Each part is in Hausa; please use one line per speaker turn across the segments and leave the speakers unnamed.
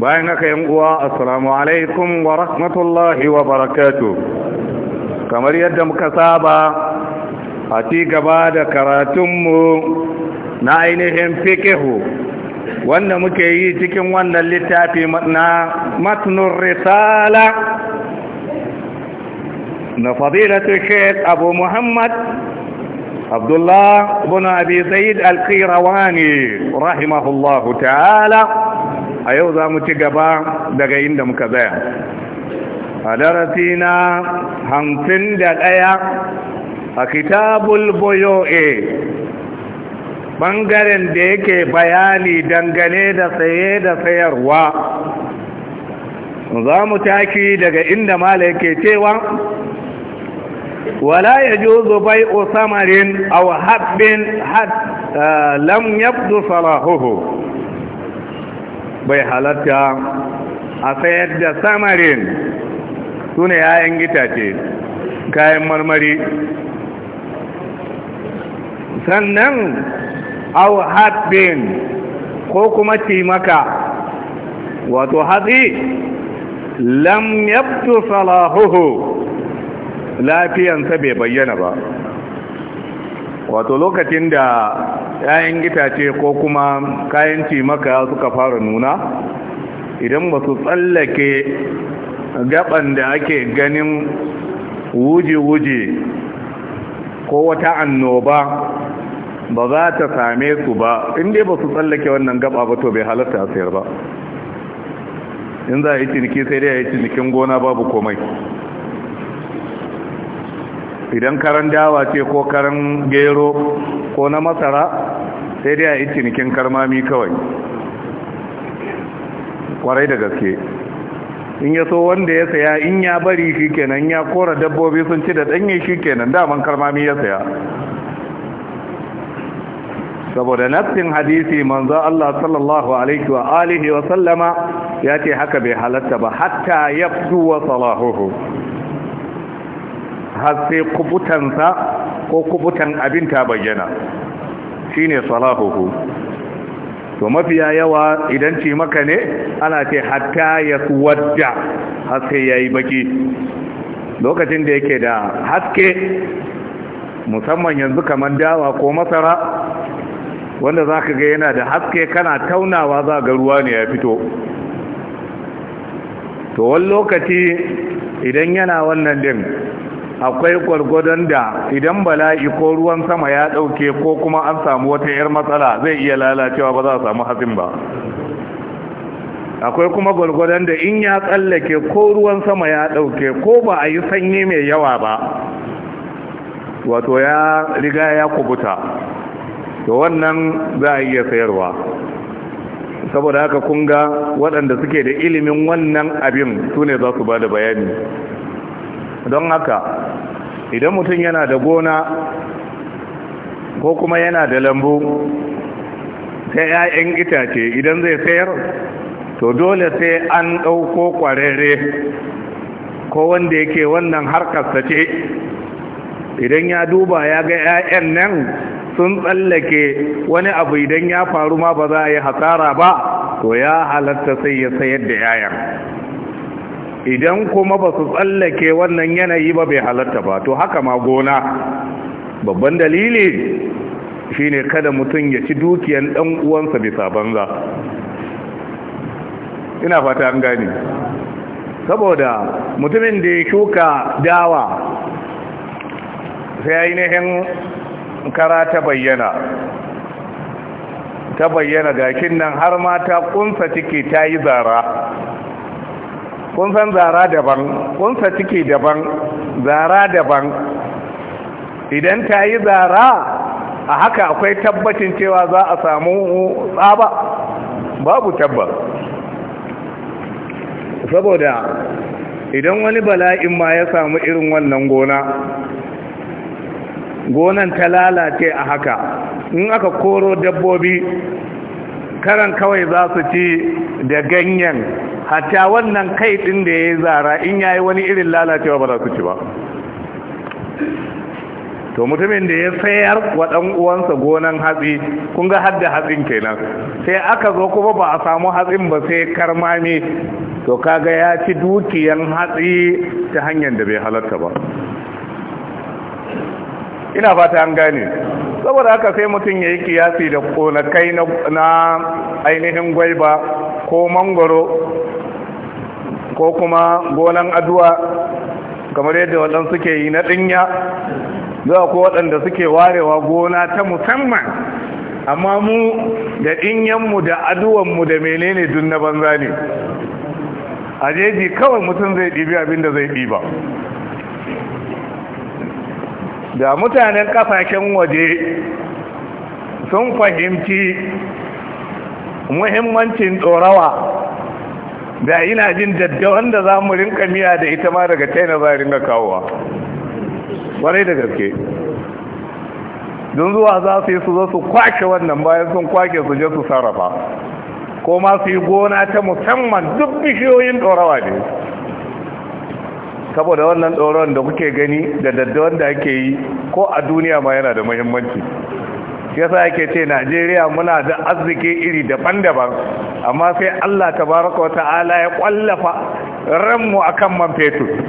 bayan haka yan uwa assalamu alaikum wa rahmatullahi wa barakatuh kamar yadda muka saba a ci gaba da karatunmu na ainihin fikihu wanda muke yi cikin wannan littafi na matnun risala na fadilatu sheik abu muhammad عبد الله بن أبي زيد القيرواني رحمه الله تعالى a yau za mu ci gaba daga inda muka zaya a darasi na hamsin da ɗaya a kitabul boyo'e ɓangaren da yake bayani dangane da saye da sayarwa za mu taki daga inda mala yake cewa wala ya juzu bai samarin a habbin lam yabdu salahuhu bai halatta a sayar da samarin su ne yayan gitace kayan marmari sannan au hatbin ko kuma cimaka wato hatsi lam yabtu salahuhu lafiyansa bai bayyana ba wato lokacin da 'ya'yan itace ko kuma kayan cimaka suka fara nuna idan ba su tsallake gaban da ake ganin wuje-wuje ko wata annoba ba za ta same su ba inda ba su tsallake wannan gaba ba to bai halatta a sayar ba in za a yi ciniki sai dai a yi cinikin gona babu komai idan karan dawa ce ko karan gero ko na masara sai dai a yi cinikin karmami kawai kwarai da gaske in ya so wanda ya saya in ya bari shi kenan ya kora dabbobi sun ci da danye shi kenan daman karmami ya saya saboda nafsin hadisi manzo Allah sallallahu alaihi wa alihi wa sallama ya ce haka bai halatta ba hatta yabdu wa salahuhu har sai kubutansa ko kubutan abin ta bayyana shine salahuhu to mafiya yawa idan ce maka ne ana ce hatta ya wadda haske ya yi baki lokacin da yake da haske musamman yanzu kamar dawa ko masara wanda za ka ga yana da haske kana taunawa za ga ruwa ne ya fito to wani lokaci idan yana wannan din akwai gwargwadon da idan bala'i ko ruwan sama ya ɗauke ko kuma an samu wata 'yar matsala zai iya lalacewa ba za a samu hatsin ba akwai kuma gwargwadon da in ya tsallake ko ruwan sama ya ɗauke ko ba a yi sanyi mai yawa ba wato ya riga ya kubuta to wannan za a iya sayarwa saboda haka kunga waɗanda suke da ilimin wannan abin su ne za su ba da bayani don haka idan mutum yana da gona ko kuma yana da lambu sai 'ya'yan itace idan zai sayar to dole sai an ɗauko ƙwararre ko wanda yake wannan harkarsa ce idan ya duba ya ga 'ya'yan nan sun tsallake wani abu idan ya faru ma ba za a yi hasara ba to ya halatta sai ya sayar da 'ya'yan idan kuma ba su tsallake wannan yanayi ba bai halatta ba to haka ma gona babban dalili ne kada mutum ya ci dukiyan ɗan uwansa bisa banza ina fata an gani saboda mutumin da ya shuka dawa sai ainihin kara ta bayyana ta bayyana gashin nan har ma ta kunsa ciki ta yi zara kun san zara daban kun sa ciki daban zara daban idan ta yi zara a haka akwai tabbacin cewa za a samu tsaba babu tabba saboda idan wani bala'in ma ya samu irin wannan gona gonan ta lalace a haka in aka koro dabbobi karan kawai za su ci da ganyen hatta wannan kai ɗin da ya zara in ya yi wani irin lalacewa ba za su ci ba to mutumin da ya sayar wa ɗan uwansa gonan hatsi kun ga hadda hatsin kenan sai aka zo kuma ba a samu hatsin ba sai karmami to kaga ya ci dukiyan hatsi ta hanyar da bai halarta ba ina fata an gane saboda haka sai mutum ya yi kiyasi da konakai na ainihin gwaiba ko mangoro ko kuma gonan aduwa kamar yadda waɗansu suke yi na ɗinya zuwa ko waɗanda suke warewa gona ta musamman amma mu da ɗinyanmu da aduwanmu da menene dun na banza ne a jeji kawai mutum zai ɗibi abinda zai ɗiba da mutanen kasashen waje sun fahimci muhimmancin tsorawa da ina jin daddawan wanda za mu rinka miya da ita ma daga china za a rinka kawowa kwarai da gaske don zuwa za su yi su zo su kwake wannan bayan sun kwake su je su sarrafa ko ma su yi gona ta musamman duk bishiyoyin ɗorawa ne saboda wannan tsoron da kuke gani da daddawan da ake yi ko a duniya ma yana da muhimmanci yasa ake ce Najeriya muna da arziki iri daban-daban amma sai Allah Ta wa ta'ala ya kwallafa ranmu a kan man fetur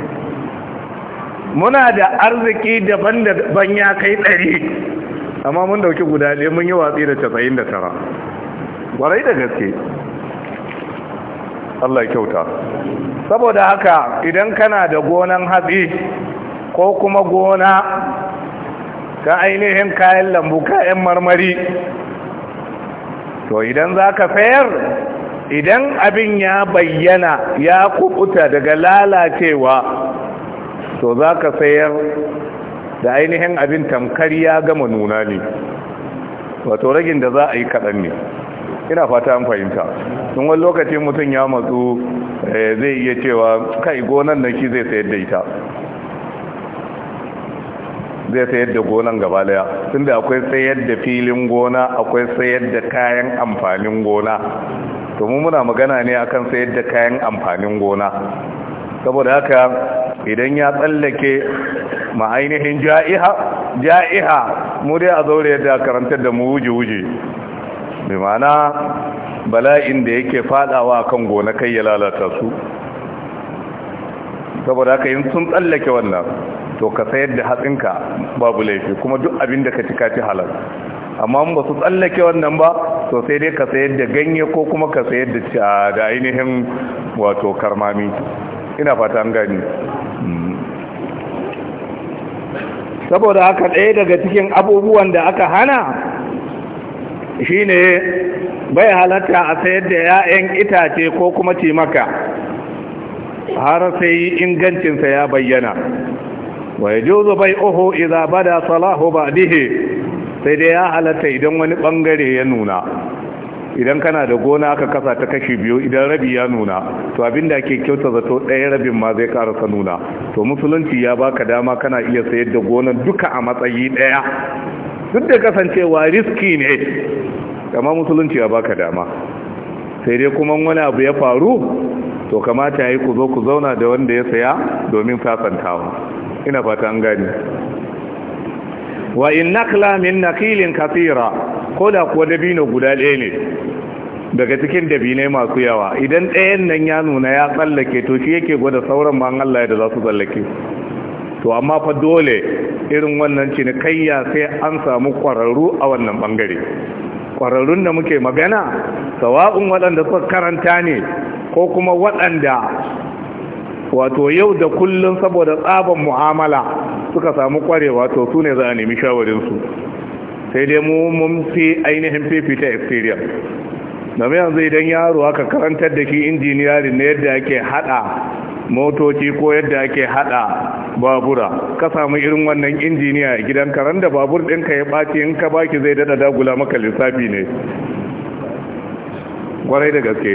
muna da arziki daban-daban ya kai ɗari amma mun dauki guda ɗaya mun yi watsi da casa'in da tara warai da gaske Allah kyauta saboda haka idan kana da gonan hatsi ko kuma gona ta ainihin kayan lambu kayan marmari to idan za ka sayar idan abin ya bayyana ya kubuta daga lalacewa to za ka sayar da ainihin abin tamkar ya gama nuna ne wato ragin da za a yi kaɗan ne ina fata an fahimta tun wani lokaci mutum ya matsu eh, zai iya cewa kai gonan na zai sayar da ita zai sayar da gonan gaba daya tun da akwai sayar da filin gona akwai sayar da kayan amfanin gona to muna magana ne akan sayar da kayan amfanin gona saboda haka idan ya tsallake ma'ainihin ja'iha ja'iha mu dai a zaure da karantar da mu wuje-wuje sai mana bala'in da yake fadawa kan gona kai ya lalata su saboda haka yin sun tsallake wannan to ka sayar da hatsinka babu laifi kuma duk abin da ka ci halal amma ba su tsallake wannan ba to sai dai ka sayar da ganye ko kuma ka sayar da da ainihin wato karmami ina fata an gani saboda haka ɗaya daga cikin abubuwan da aka hana shine bai halatta a sayar da 'ya'yan itace ko kuma cimaka har sai ingancinsa ya bayyana wa ya juzo bai oho iza bada salahu ba dihe sai dai ya halatta idan wani bangare ya nuna idan kana da gona aka kasa ta kashi biyu idan rabi ya nuna to abinda ake kyauta zato ɗaya rabin ma zai karasa nuna to musulunci ya baka dama kana iya sayar da gonan duka a matsayi ɗaya duk da kasancewa riski ne kama musulunci ya baka dama sai dai kuma wani abu ya faru to kamata ya yi ku zo ku zauna da wanda ya saya domin sasantawa ina fata an gani wa in nakla min nakilin kafira, ko da kuwa dabino guda ɗaya ne daga cikin dabinai masu yawa idan ɗayan nan ya nuna ya tsallake to shi yake gwada sauran ma Allah da za su tsallake to amma fa dole irin wannan cinikayya sai an samu kwararru a wannan bangare. Kwararrun da muke magana sawa'un waɗanda suka karanta ne ko kuma waɗanda wato yau da kullum saboda tsaban mu'amala suka samu kwarewa to su ne za a nemi shawarinsu sai dai mu mun fi ainihin fifita experience mai yanzu idan yaro aka karantar da shi injiniyarin na yadda ake haɗa motoci ko yadda ake hada babura ka samu irin wannan injiniya a gidan karan da babur ɗinka ya ɓaci in ka baki zai daɗa dagula maka lissafi ne gwarai da gaske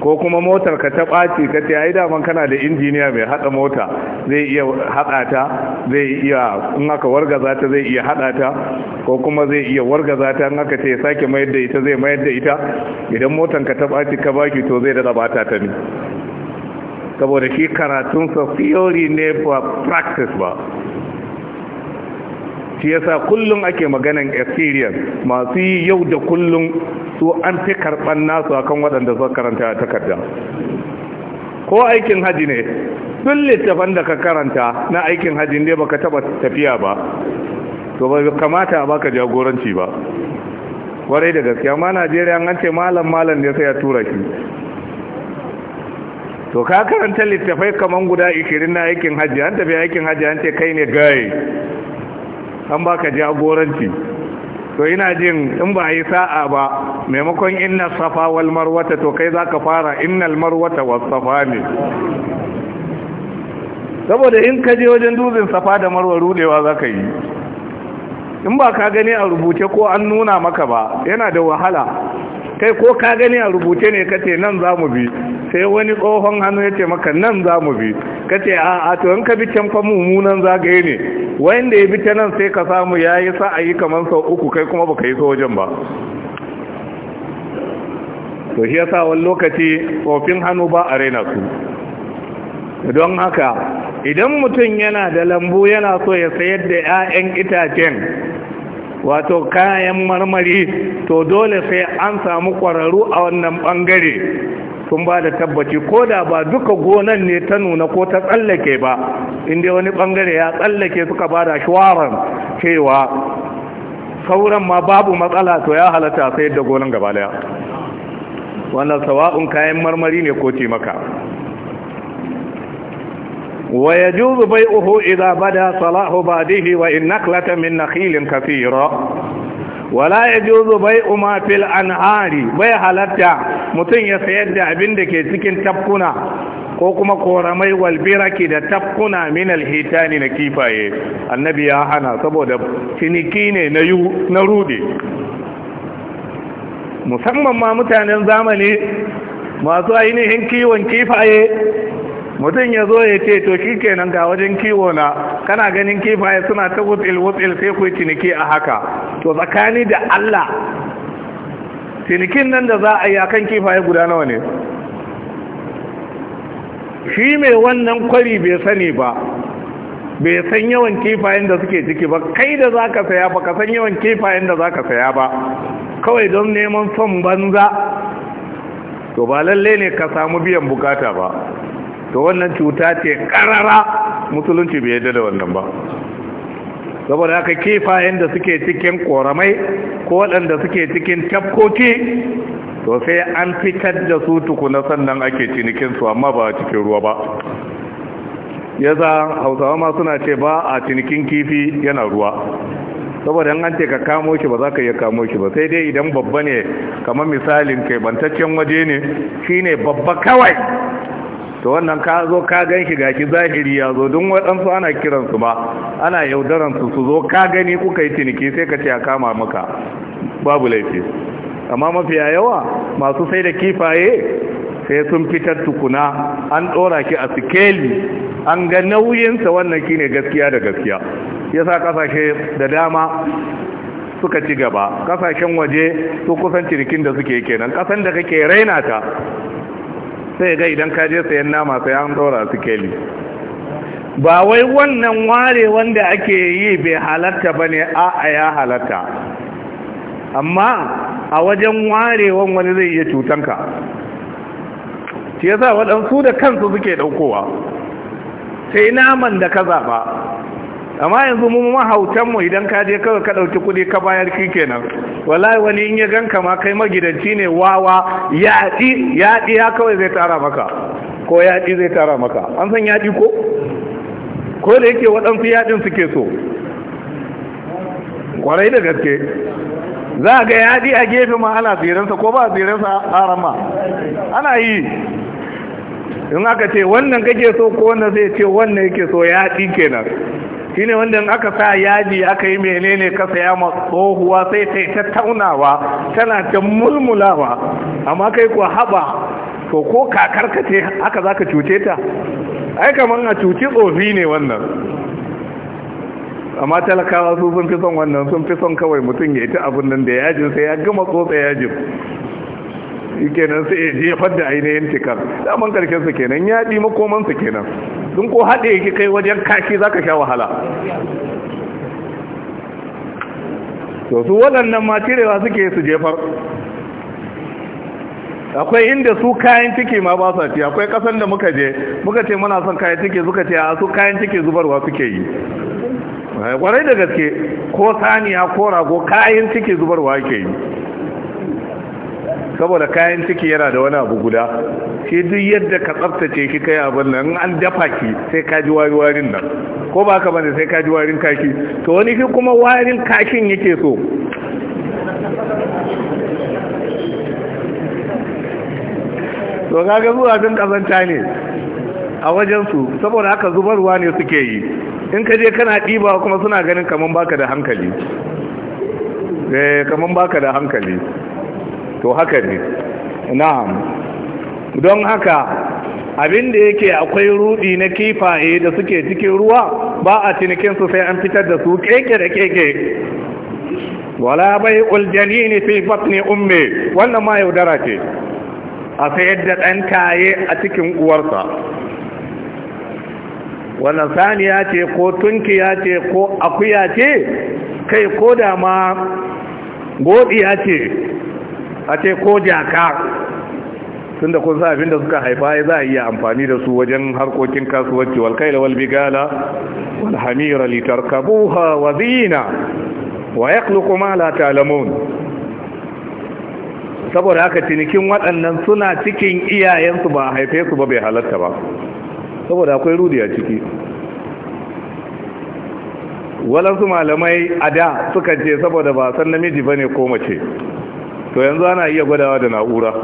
ko kuma motar ka ta ɓaci ka ce ai daman kana da injiniya mai haɗa mota zai iya hada ta zai iya in aka za ta zai iya hada ta ko kuma zai iya za ta in aka ce sake mayar da ita zai mayar da ita idan motar ka ta ɓaci ka baki to zai dada bata ta ne saboda shi karatunsa theory ne ba practice ba shi yasa kullum ake maganan experience masu yau da kullum su an fi karɓar nasu akan waɗanda su karanta a takarda ko aikin haji ne duk littafan da ka karanta na aikin haji ne baka taba tafiya ba to ba kamata ba ka jagoranci ba warai da gaskiya ma Najeriya an ce malam malam ne sai ya tura shi to ka karanta littafai kaman guda 20 na aikin hajji an tafi aikin hajji an ce kai ne gai an baka jagoranci to ina jin in ba yi sa'a ba maimakon inna safa wal marwata to kai zaka fara innal marwata was safa ne saboda in ka je wajen dubin safa da marwa rudewa zaka yi in ba ka gani a rubuce ko an nuna maka ba yana da wahala kai ko ka gani a rubuce ne kace nan za mu bi sai wani tsohon hannu ya ce maka nan za mu bi kace a a to in ka bi can fa mummunan zagaye ne wanda ya bi ta nan sai ka samu yayi sa'ayi kamar sau uku kai kuma baka yi so wajen ba to shi yasa wani lokaci tsofin hannu ba a raina su don haka idan mutum yana da lambu yana so ya sayar da 'ya'yan itacen wato kayan marmari to dole sai an samu ƙwararru a wannan bangare sun ba da tabbaci ko da ba duka gonan ne ta nuna ko ta tsallake ba inda wani bangare ya tsallake suka ba da shawarar cewa sauran ma babu matsala to ya halatta sai da gonan gaba wannan sawa'un kayan marmari ne ko ce maka ويجوز بيعه إذا بدا صلاح باده وإن نخلة من نخيل كثيرة ولا يجوز بيع ما في الأنهار بيع حالتا متن يسيد دا abin da ke cikin tafkuna ko kuma koramai walbiraki da tafkuna min alhitani na kifaye annabi ya hana saboda ciniki ne na na rude musamman ma mutanen zamani masu ainihin kiwon kifaye mutum ya zo ya ce to shi kenan ga wajen kiwo na kana ganin kifaye suna ta wutsil wutsil sai ku ciniki a haka to tsakani da Allah cinikin nan da za a yi akan kifaye guda nawa ne shi mai wannan kwari bai sani ba bai san yawan kifayen da suke ciki ba kai da za ka saya ba ka san yawan kifayen da za ka saya ba kawai don neman son banza to ba lalle ne ka samu biyan bukata ba to wannan cuta ce karara musulunci bai yadda da wannan ba saboda haka kifayen da suke cikin koramai ko waɗanda suke cikin tafkoki to sai an fitar da su tukuna sannan ake cinikinsu amma ba cikin ruwa ba ya za hausawa ma suna ce ba a cinikin kifi yana ruwa saboda an ce ka kamo shi ba za ka iya kamo shi ba sai dai idan babba ne kamar misalin kebantaccen waje ne shine babba kawai to wannan ka zo ka gan shi gashi zahiri ya zo don waɗansu ana kiransu ba ana yaudaransu su zo ka gani kuka yi ciniki sai ka ce a kama maka babu laifi amma mafiya yawa masu sai da kifaye sai sun fitar tukuna an ɗora ki a sikeli an ga nauyinsa wannan shine gaskiya da gaskiya yasa kasashe da dama suka ci gaba kasashen waje su kusan cinikin da suke kenan kasan da kake raina ta sai ga idan ka je sayan nama sai an dora su keli ba wai wannan ware wanda ake yi bai halatta ba ne a ya halatta amma a wajen warewan wani zai iya cutanka ce za waɗansu da kansu suke ɗaukowa sai naman da ka zaɓa amma yanzu mu mahautan mu idan ka je kawai ka dauki kudi ka bayar kenan wallahi wani in ya ganka ma kai magidanci ne wawa yaɗi yaɗi ya kawai zai tara maka ko yaɗi zai tara maka an san yaɗi ko ko da yake waɗansu yaɗin suke so kwarai da gaske za ga yaɗi a gefe ma ana tsiransa ko ba tsiransa a ma ana yi in aka ce wannan kake so ko wannan zai ce wannan yake so yaɗi kenan Shi ne wanda aka sa yaji aka yi menene ka saya ma tsohuwa sai ta yi tattaunawa tana ta mulmulawa amma kai ko haba to ko kakar ka ce haka ka cuce ta ai kamar a cuci tsofi ne wannan amma talakawa su sun fi son wannan sun fi son kawai mutum ya ita abin nan da yajin sai ya gama tsotsa yajin kenan sai ya jefar da ainihin cikar daman karshen sa kenan ya ɗi makoman kenan don ko haɗe yake kai wajen kashi za ka sha wahala to su waɗannan ma suke su jefar akwai inda su kayan ciki ma ba sa ci akwai kasan da muka je muka ce muna son kayan ciki suka ce a su kayan ciki zubarwa suke yi kwarai eh, da gaske ko saniya ko rago kayan ciki zubarwa ke yi saboda kayan ciki yana da wani abu guda shi duk yadda ka tsaftace shi kai abin nan an dafa ki sai ka ji wari-warin nan ko ba ka bane sai ka ji warin kashi to wani shi kuma warin kashin yake so to kaga zuwa sun kazanta ne a wajensu saboda haka zubarwa ne suke yi in ka je kana ɗiba kuma suna ganin kaman baka da hankali eh kaman baka da hankali to haka ne na'am don haka abin da yake akwai rudi na kifaye da suke cikin ruwa ba a cinikin su sai an fitar da su keke da keke wala bai uljanini fi batni umme wannan ma yaudara ce a sayar da ɗan kaye a cikin uwarsa wannan saniya ce ko tunkiya ce ko akuya ce kai ko da ma godiya ce a ce ko jaka tun da kun sa abin da suka haifa ya za a iya amfani da su wajen harkokin kasuwanci walkaila walbigala walhamira litarkabuha wa zina wa yakhluqu ma la ta'lamun saboda haka cinikin waɗannan suna cikin iyayensu ba haife su ba bai halatta ba saboda akwai rudi a ciki walansu malamai a da suka ce saboda ba san namiji ba ne ko mace to yanzu ana iya gwadawa da na'ura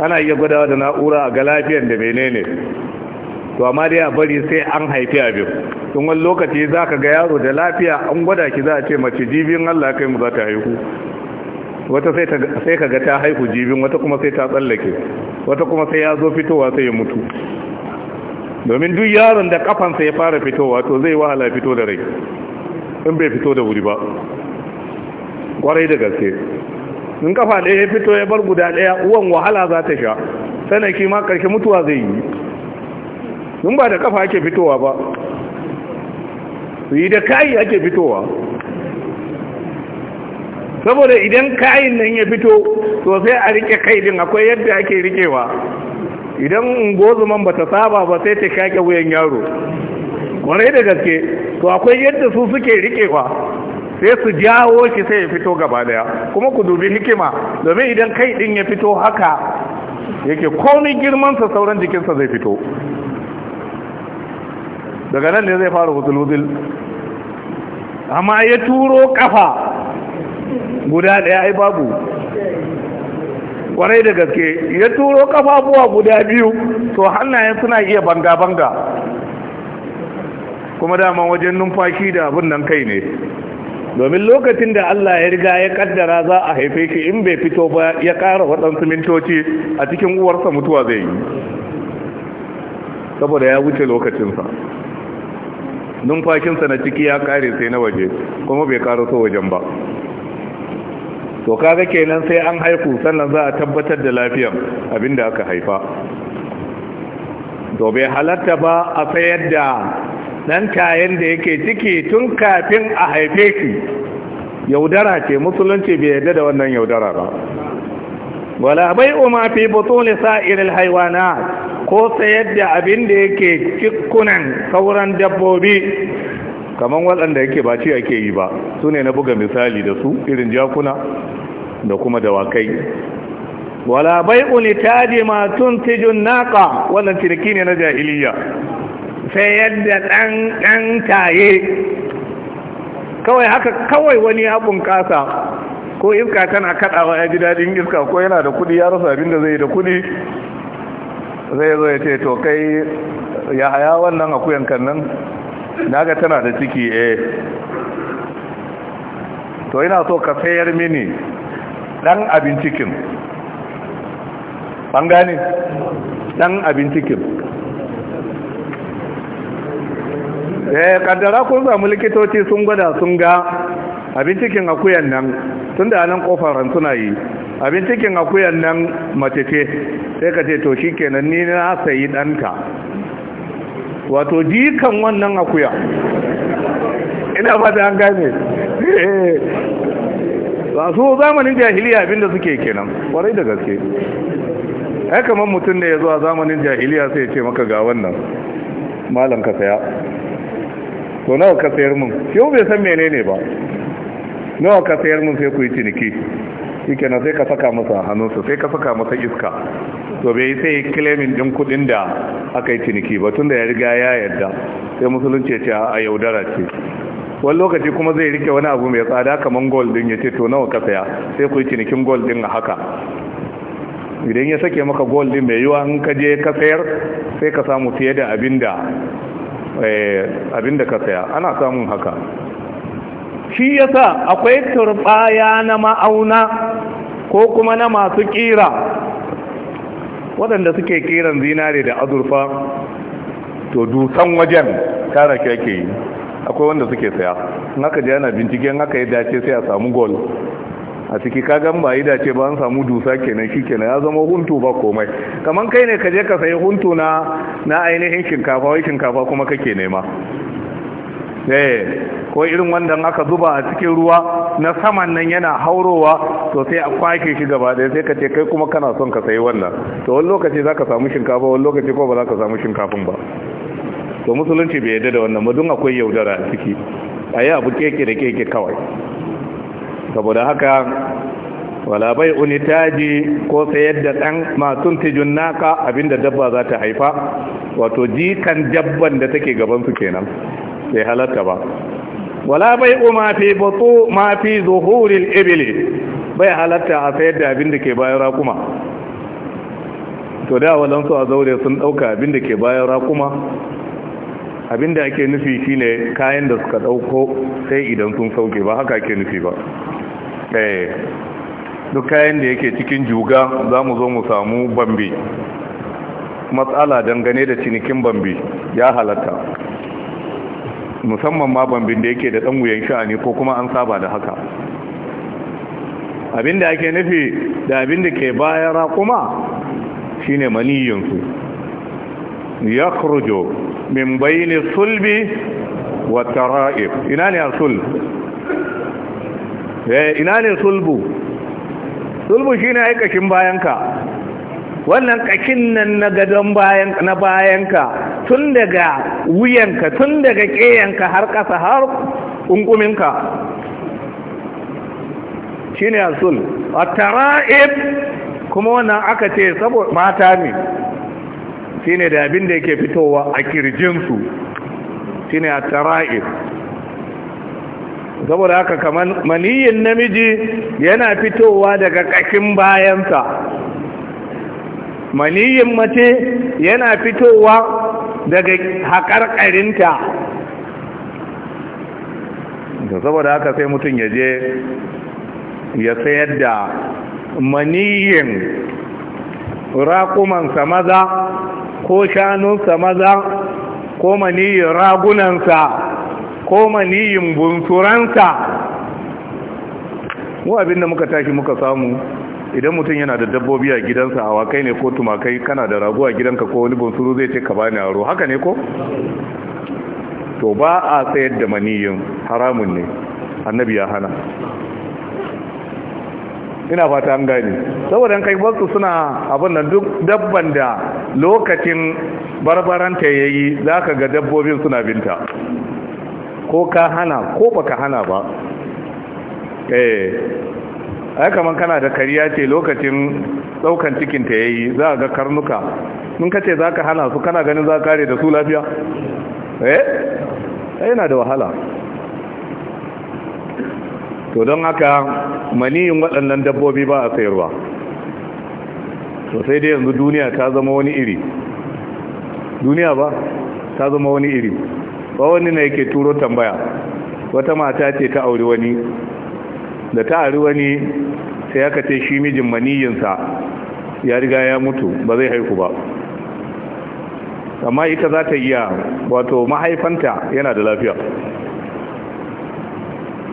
ana iya gwadawa da na'ura a ga lafiyar da menene to amma dai a bari sai an haifi abin tun wani lokaci za ka ga yaro da lafiya an gwada ki za a ce mace jibin allah kai mu za ta haihu wata sai ka ga ta haihu jibin wata kuma sai ta tsallake wata kuma sai ya zo fitowa sai ya mutu domin duk yaron da kafansa ya fara fitowa to zai wahala fito da rai in bai fito da wuri ba kwarai da gaske in kafa ɗaya ya fito ya bar guda ɗaya uwan wahala za ta sha sanaki ma ƙarshe mutuwa zai yi in ba da kafa ake fitowa ba yi da kayi ake fitowa saboda idan kayin nan ya fito to a rike kai din akwai yadda ake rikewa idan gozuman ba ta saba ba sai ta shaƙe wuyan yaro kwarai da gaske to akwai yadda su suke rikewa sai su jawo shi sai ya fito gaba daya kuma ku dubi hikima domin idan kai din ya fito haka yake komai girmansa sauran jikinsa zai fito daga nan ne zai fara wuzul-wuzul amma ya turo kafa guda daya ai babu kwarai da gaske ya turo kafafuwa guda biyu to hannayen suna iya banga-banga kuma daman wajen numfashi da abin nan kai ne domin lokacin da Allah ya riga ya kaddara za a haife shi in bai fito ba ya ƙara waɗansu mintoci a cikin uwarsa mutuwa zai yi saboda ya wuce lokacinsa numfakinsa na ciki ya kare sai na waje kuma bai so wajen ba to kaga kenan sai an haiku sannan za a tabbatar da lafiyar da aka haifa to bai halatta ba a sayar da Nan kayan da yake ciki tun kafin a haife ki yaudara ce musulunci bai yarda da wannan yaudara ba wala bai ma fi butun sa'iril haywana ko sayar da abin da yake cikunan sauran dabbobi kaman waɗanda yake ba ci ake yi ba su ne na buga misali da su irin jakuna da kuma dawakai wala bai'un itadi tuntijun naqa wannan ciniki ne na jahiliya sayar yadda ɗan ɗan taye kawai haka kawai wani ya bunƙasa ko iska tana kaɗawa ya ji daɗin iska ko yana da kuɗi ya rasa abin da zai da kuɗi zai zo ya ce to kai ya haya wannan akuyan kannan. Na ga tana da ciki eh to ina so ka sayar mini ɗan abin cikin ɗan abin cikin eh kaddara kun samu likitoci sun gwada sun ga abin cikin akuyan nan tun da nan kofaran suna yi abin cikin akuyan nan mace ce sai ka ce to shikenan ni na sayi danka wato jikan wannan akuya ina fata an gane eh, ba su zamanin jahiliya abinda suke kenan kwarai da gaske ai kamar mutum ne ya zuwa zamanin jahiliya sai ya ce maka ga wannan malam ka saya to nawa ka sayar mun yau bai san menene ba nawa ka sayar mun sai ku yi ciniki shike na sai ka saka masa hannunsa sai ka saka masa iska to bai yi sai claiming din kudin da aka yi ciniki ba tunda ya riga ya yarda sai musulunci ya ce a yaudara ce wani lokaci kuma zai rike wani abu mai tsada kamar gold din ya ce to nawa ka saya sai ku yi cinikin gold din a haka idan ya sake maka gold din mai yiwa in ka je ka sayar sai ka samu fiye da abin da Eh, abin da ka saya ana samun haka shi yasa akwai turbaya na ma'auna ko kuma na masu kira waɗanda suke kiran zinare da azurfa to dusan wajen kara ke yi akwai wanda suke saya in aka je ana binciken haka ya dace sai a samu gol a ciki kagan ba da ce ba an samu dusa kenan shi ya zama huntu ba komai kamar kai ne ka je ka sayi huntu na na ainihin shinkafa wai shinkafa kuma kake nema eh ko irin wanda aka zuba a cikin ruwa na saman nan yana haurowa to sai a kwake shi gaba da sai ka ce kai kuma kana son ka sayi wannan to wani lokaci za ka samu shinkafa wani lokaci ko ba za ka samu shinkafin ba to musulunci bai yadda da wannan dun akwai yaudara a ciki ayi abu keke da keke kawai saboda haka wala bai unitaji ko sayar da ɗan masun tijin naka abinda dabba za ta haifa wato jikan dabban da take gabansu kenan bai halatta ba wala bai ma fi batu ma fi ibili bai halatta a sayar da abinda ke bayan rakuma to da walansu a zaure sun ɗauka abinda ke bayan rakuma abinda ake nufi shine kayan da suka ɗauko sai idan sun sauke ba haka ake nufi ba Eh, duk kayan da yake cikin juga za mu zo mu samu bambi matsala dangane da cinikin bambi ya halatta musamman ma bambin da yake da ɗan wuyan sha'ani ko kuma an saba da haka abinda ake nufi da abinda ke bayan raƙuma shine maniyyinsu ya kurjo min bayyane sulbi wa tara'ib ina ne a sul Eh, ina ne sulbu sulbu ne ai kashin bayanka wannan kashin nan na gadon na bayanka tun daga wuyanka tun daga ƙeyanka har ƙasa har ƙunƙuminka ne asul A taraib kuma wannan aka ce saboda mata ne Shi ne da abin da yake fitowa a kirjinsu ne a taraib saboda haka kamar maniyin namiji yana fitowa daga ƙashin bayansa maniyin mace yana fitowa daga haƙarƙarinta da saboda haka sai mutum ya je ya sayar da maniyin raƙumansa maza ko shanunsa maza ko maniyin ragunansa ko maniyin bunturansa mu abinda muka tashi muka samu idan mutum yana da dabbobi a gidansa wakai ne ko tumakai kana da rago a gidanka ko wani bunsuru zai ce ka bani aro haka ne ko to ba a sayar da maniyin haramun ne annabi ya hana ina fata an gani saboda kai wasu suna abin nan duk dabban da lokacin barbaranta yayi zaka ga dabbobin suna binta ko ka hana ko baka hana ba eh ai kaman kana da kariya ce lokacin daukan cikin ta yayi za ga karnuka mun kace zaka hana su kana ganin za kare da su lafiya eh yana da wahala to don haka maniyin waɗannan dabbobi ba a sayarwa to sai dai yanzu duniya ta zama wani iri duniya ba ta zama wani iri ba wani ne yake turo tambaya wata mata ce ta auri wani da ta auri wani sai aka ce shi mijin maniyinsa ya riga ya mutu ba zai haiku ba amma ita za ta iya wato mahaifanta yana da lafiya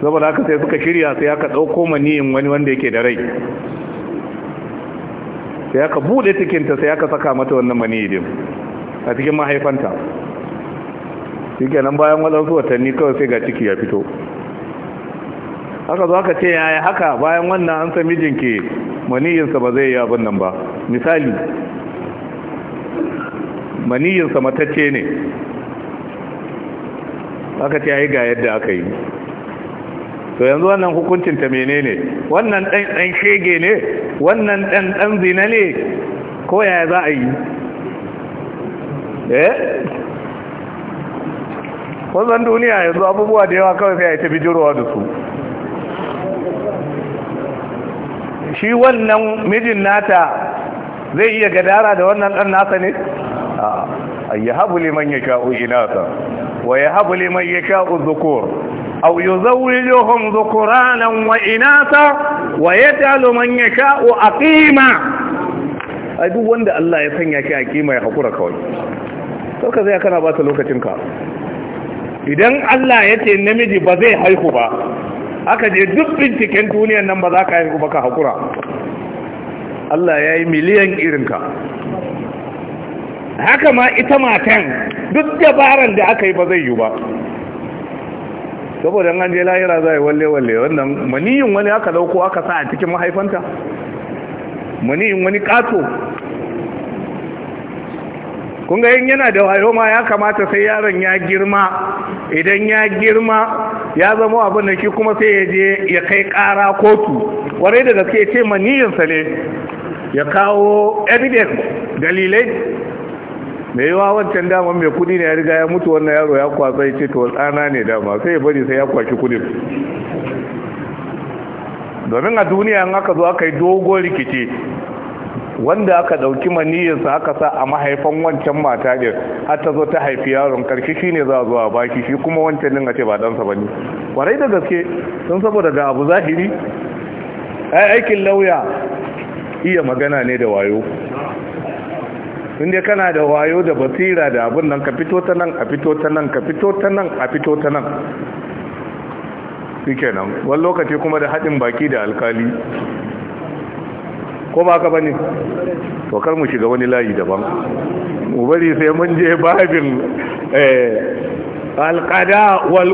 saboda haka sai suka shirya sai aka ɗauko maniyin wani wanda yake da rai sai aka buɗe cikinta sai aka saka mata wannan maniyin a cikin mahaifanta shi nan bayan waɗansu watanni kawai sai ga ciki ya fito haka zo aka ce ya yi haka bayan wannan an san mijinki maniyinsa ba zai yi abin nan ba misali maniyinsa matacce ne aka ce yi ga yadda aka yi to yanzu wannan hukuncin ta ne wannan dan dan shege ne wannan dan dan zina ne ko yaya za a yi eh wanzan duniya yanzu abubuwa da yawa kawai sai ta bijirowa da su shi wannan mijin nata zai iya gadara da wannan ɗan nasa ne a yi habu liman ya sha'o inasa wa yi habu liman ya sha'o zukur au yi zauri johon zukuranan wa inasa wa ya talo man ya sha'o a kima a duk wanda Allah ya sanya shi a kima ya haƙura kawai sauka zai kana ba ta lokacinka idan Allah ya ce namiji ba zai haihu ba aka je duk binciken duniyan nan ba za ka haihu ba ka haƙura Allah ya yi miliyan irinka haka ma ita matan duk dabaran da aka yi ba zai yi ba saboda an je lahira za a yi walle-walle wannan maniyin wani aka dauko aka sa a cikin mahaifanta maniyin wani kato kun ga yin yana da wayo ma ya kamata sai yaron ya girma idan ya girma ya zama abin da shi kuma sai ya je ya kai ƙara kotu warai da gaske ce maniyinsa ne ya kawo evidence dalilai mai yawa wancan damar mai kudi ne ya riga ya mutu wannan yaro ya kwasa ya ce to tsana ne dama sai ya bari sai ya kwashi kuɗi. domin a duniya aka zo aka yi dogon rikici wanda aka dauki maniyyarsa aka sa a mahaifan wancan mata din har ta zo ta haifi yaron karshe shine za a zo a baki shi kuma wancan din a ce ba dansa bane kwarai da gaske sun saboda ga abu zahiri ai aikin lauya iya magana ne da wayo inda kana da wayo da basira da abin nan ka fito ta nan a fito ta nan ka fito ta nan a fito ta nan shi kenan wani lokaci kuma da haɗin baki da alkali ko ba ka bane to kar mu shiga wani layi daban mu bari sai mun je babin eh, alqada wal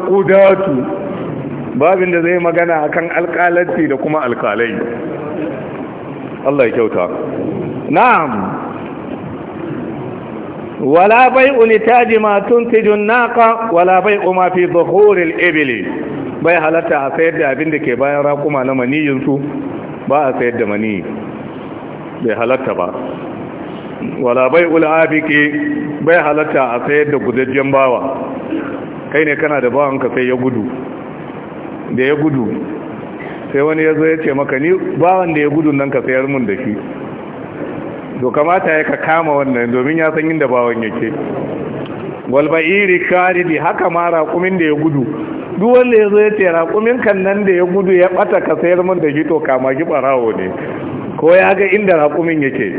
babin da zai magana akan alqalanci da kuma alƙalai. Allah ya kyauta na'am wala bai'u litaji ma tuntiju naqa wala bai'u ma fi dhuhuri ibli bai halatta a sayar da abin da ke bayan raƙuma na maniyinsu ba a sayar da maniyi bai halatta ba wala bai ul'abiki bai halatta a sayar da gudajjen bawa kai ne kana da bawan ka sai ya gudu da ya gudu sai wani ya zo ya ce maka ni bawan da ya gudu nan ka sayar mun da shi to kamata ya ka kama wannan domin ya san inda bawan yake walba'iri karidi haka ma raƙumin da ya gudu duk wanda ya zo ya ce raƙumin kan nan da ya gudu ya ɓata ka sayar mun da shi to kama ki ɓarawo ne ko ya ga inda raƙumin yake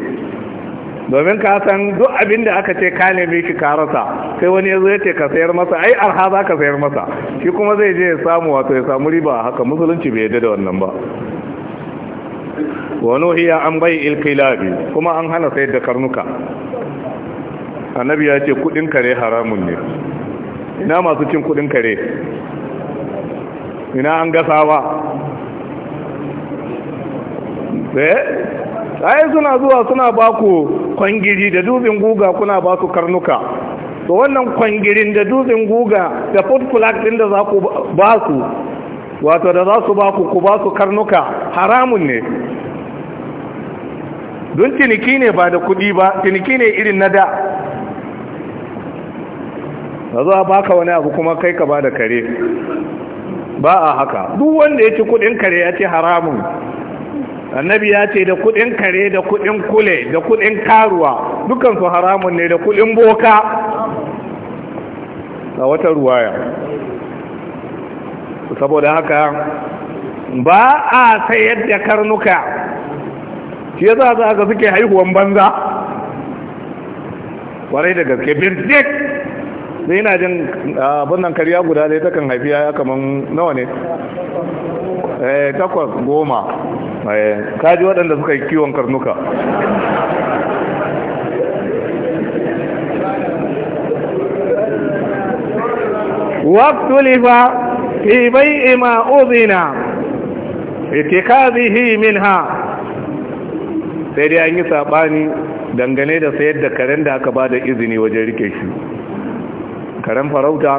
domin ka san duk abin da aka ce ka neme shi ka rasa sai wani ya ya ce ka sayar masa ai arha za ka sayar masa shi kuma zai je ya samu wato ya samu riba haka musulunci bai yadda da wannan ba wa nuhiya an bai ilkilabi kuma an hana sayar da karnuka annabi ya ce kudin kare haramun ne ina masu cin kudin kare ina an ba eh ai suna zuwa suna ba ku kwangiri da dubin guga kuna ba su karnuka to wannan kwangirin da dubin guga da food plug din da za ku ba su wato da za su ba ku ku ba su karnuka haramun ne don ciniki ne ba da kuɗi ba ciniki ne irin na da da zuwa ba baka wani abu kuma kai ka ba da kare ba a haka duk wanda ya ci kudin kare ya ce haramun annabi ya ce da kudin kare da kudin kule da kudin karuwa dukansu haramun ne da kudin boka a wata ruwaya saboda haka ba a sayar da karnuka shi ya za ga suke haihuwan banza warai da gaske birjik sai na jin abinnan karya guda dai takan haifi ya kamar nawa ne eh, takwas goma Eh, kaji waɗanda suka yi kiwon karnuka واختلف fi بيع ما أذن اتخاذه ha. sai dai an yi saɓani dangane da sayar da karen da aka ba da izini wajen rike shi karen farauta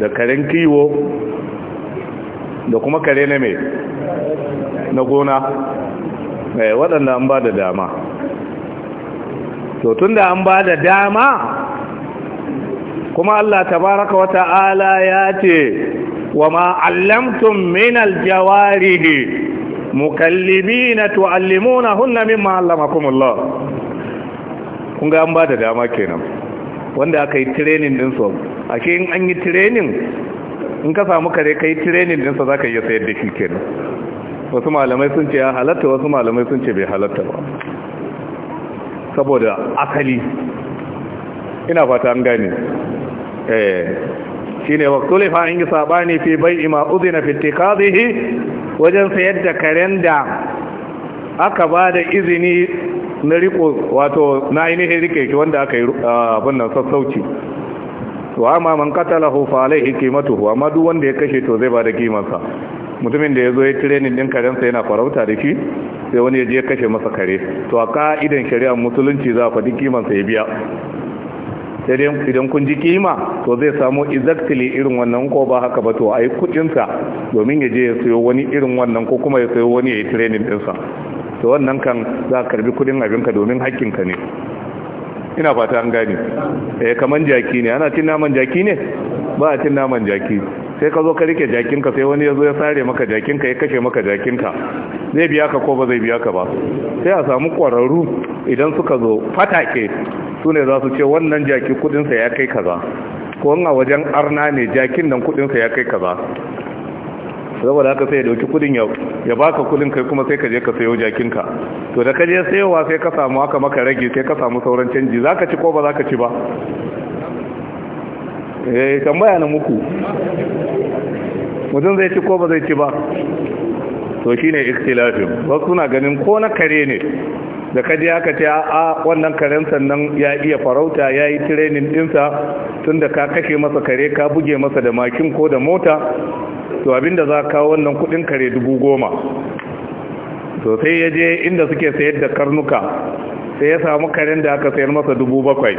da karen kiwo da kuma kare na mai na gona eh, waɗanda an ba da dama to tun da an ba da dama kuma Allah tabaraka wa ta'ala ya ce wa ma allamtum min aljawarihi mukallibina hunna mimma allamakumullah kun ga an ba da dama kenan wanda aka yi training din su ashe in an yi training in ka samu kare kai training din sa zaka iya sayar da shi kenan wasu malamai sun ce ya halatta wasu malamai sun ce bai halatta ba saboda asali ina fata an gani. eh shine wa fa in yi sabani fi bai'i ma udina fi ittikadihi wajen sayar da karen da aka ba da izini na riko wato na ainihin rike shi wanda aka yi abin nan sassauci wa amma man qatalahu fa alaihi kimatu amma duk wanda ya kashe to zai ba da kimansa mutumin da ya zo ya tirenin ɗin karensa yana farauta da shi sai wani ya je kashe masa kare to a ka'idan shari'ar musulunci za a faɗi kimansa ya biya sai dai idan kun ji kima to zai samu exactly irin wannan ko ba haka ba to a yi kudinsa domin ya je ya sayo wani irin wannan ko kuma ya sayo wani ya yi training ɗinsa to wannan kan za ka karbi kudin abinka domin hakkinka ne ina fata an gane eh kaman jaki ne ana cin naman jaki ne ba a cin naman jaki sai ka zo ka rike jakinka sai wani ya zo ya sare maka jakinka ya kashe maka jakinka zai biya ka ko ba zai biya ka ba sai a samu ƙwararru idan suka zo fatake su ne za su ce wannan jaki kudinsa ya kai kaza ko a wajen arna ne jakin nan kudinsa ya kai kaza saboda haka sai ya dauki kudin ya ya baka kudin kai kuma sai ka je ka sayo jakinka to da ka je sayowa sai ka samu aka maka rage sai ka samu sauran canji zaka ci ko ba zaka ci ba eh tambaya na muku mutum zai ci ko ba zai ci ba to shine ikhtilafin wasu na ganin ko na kare ne da kaji aka ce a wannan karen sannan ya iya farauta ya yi tirenin dinsa tun da ka kashe masa kare ka buge masa da makin ko da mota to abinda za ka wannan kudin kare dubu goma to sai ya je inda suke sayar da karnuka sai ya samu karen da aka sayar masa dubu bakwai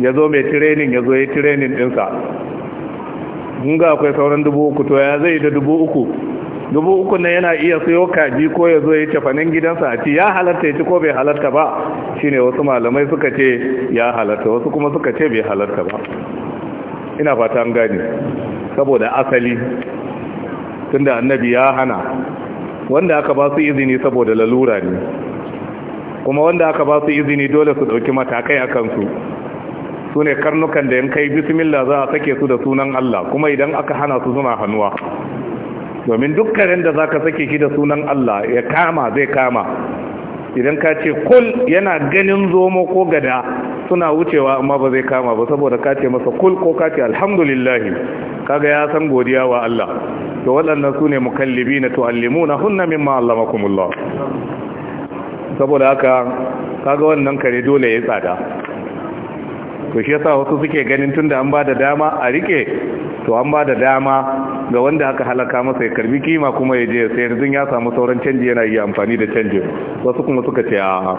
ya zo mai tirenin ya zo ya tirenin ɗinsa in ga akwai sauran dubu uku to ya zai da dubu uku dubu uku na yana iya sayo kaji ko ya zo ya cefanin gidansa a ci ya halarta ya ci ko bai halarta ba shine wasu malamai suka ce ya halarta, wasu kuma suka ce bai halarta ba ina fata an gane saboda asali tunda annabi ya hana wanda aka ba su izini saboda lalura ne kuma wanda aka ba su izini dole su dauki matakai a kansu su ne karnukan da yankai bismillah za a sake su da sunan Allah kuma idan aka hana su suna hannuwa domin dukkanin da za ka sake shi da sunan Allah ya kama zai kama idan ka ce kul yana ganin zomo ko gada suna wucewa amma ba zai kama ba saboda ka ce masa kul ko ka ce alhamdulillahi kaga ya san godiya wa Allah to waɗannan su ne mukallibi na tu'allimuna hunna mimma allamakumullah saboda haka kaga wannan kare dole ya tsada to shi yasa wasu suke ganin tunda an ba da dama a rike to an ba da dama ga wanda aka halaka masa ya karbi kima kuma ya je sai yanzu ya samu sauran canji yana iya amfani da canji, wasu kuma suka ce a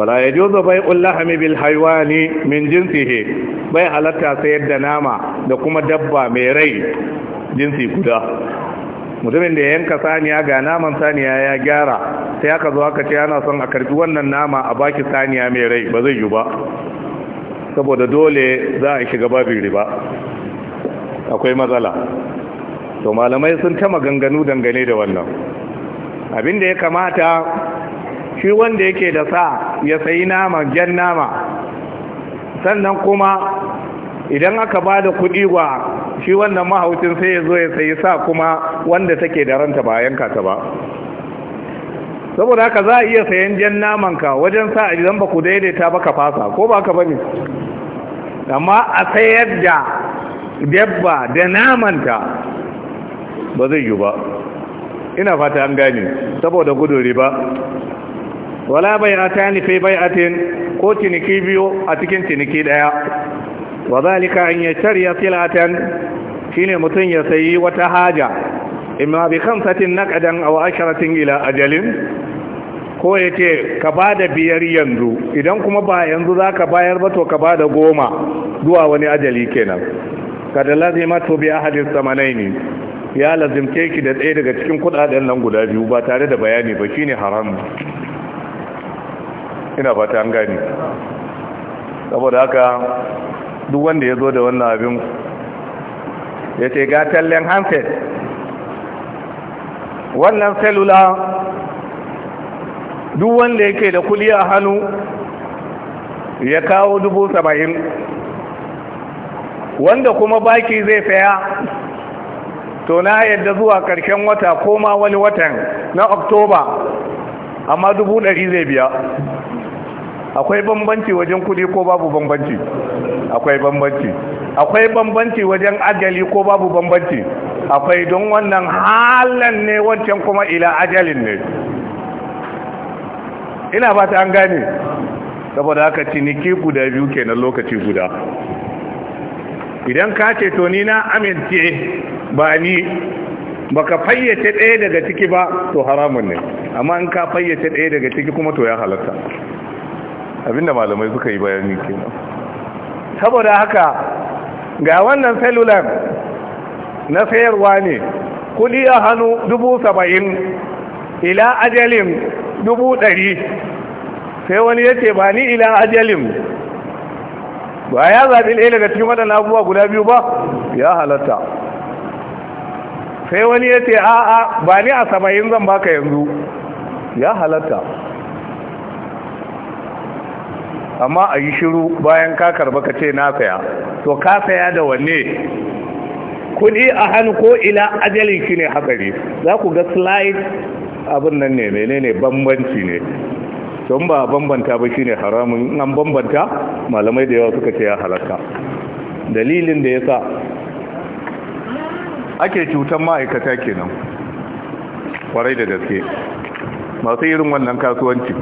wala ya jozo bai lahami bil haiwani min jinsihe bai halatta sayar da nama da kuma dabba mai rai jinsi guda mutumin da ya yanka saniya ga naman saniya ya gyara sai aka zo aka ce ana son a karbi wannan nama a baki saniya mai rai ba zai yi ba saboda dole za a shiga babin riba akwai matsala to malamai sun ta maganganu dangane da wannan abin da ya kamata shi wanda yake da sa ya sayi nama jan nama sannan kuma idan aka ba da kuɗi wa shi wannan mahaucin sai ya zo ya sayi sa kuma wanda take da ranta ba yanka ta ba saboda haka za a iya sayan jan namanka wajen sa idan ba ku daidaita ba ka fasa ko ba ka bane amma a sayar da dabba da namanta ba zai yi ba ina fata an gane saboda gudu riba wala bai a ta nufi bai a ko ciniki biyu a cikin ciniki daya wa zalika an yashtariya silatan shine mutum ya sayi wata haja imma bi khamsatin naqadan aw asharatin ila ajalin ko yace ka bada biyar yanzu idan kuma ba yanzu zaka bayar ba to ka bada goma zuwa wani ajali kenan kada lazima to bi ahadin samanaini ya lazimce ki da tsaye daga cikin kudaden nan guda biyu ba tare da bayani ba shine haram ina fata an gani saboda haka duk wanda ya zo da wannan abin ya ce ga tallen handset wannan cellular duk wanda yake da kuli a hannu ya kawo dubu saba'in wanda kuma baki zai saya to na yadda zuwa karshen wata koma wani watan na oktoba amma dubu ɗari zai biya akwai bambanci wajen kudi ko babu bambanci akwai bambanci akwai bambanci wajen ajali ko babu bambanci akwai don wannan halan ne wancan kuma ila ajalin ne ina ba ta an gane saboda haka ciniki guda biyu kenan lokaci guda idan ka ce to ni na amince ba ni baka fayyace ɗaya daga ciki ba to haramun ne amma in ka fayyace ɗaya daga ciki kuma to ya halatta abinda malamai suka yi bayani kenan saboda haka ga wannan cellular na sayarwa ne kudi a hannu dubu saba'in ila ajalin dubu ɗari sai wani ya ce ba ni ila ajalin ba ya zaɓi ɗaya daga cikin waɗannan abubuwa guda biyu ba ya halatta sai wani ya ce a'a ba ni a saba'in zan baka yanzu ya halatta amma a yi shiru bayan ka karba ka ce na saya to ka saya da wanne kudi a hannu ko ila ajalin shi ne hatsari za ku ga slide abin nan ne menene bambanci ne don ba bambanta ba shine haramun nan bambanta malamai da yawa suka ce ya halatta dalilin da ya yasa ake cutan ma'aikata kenan kwarai da gaske masu irin wannan kasuwanci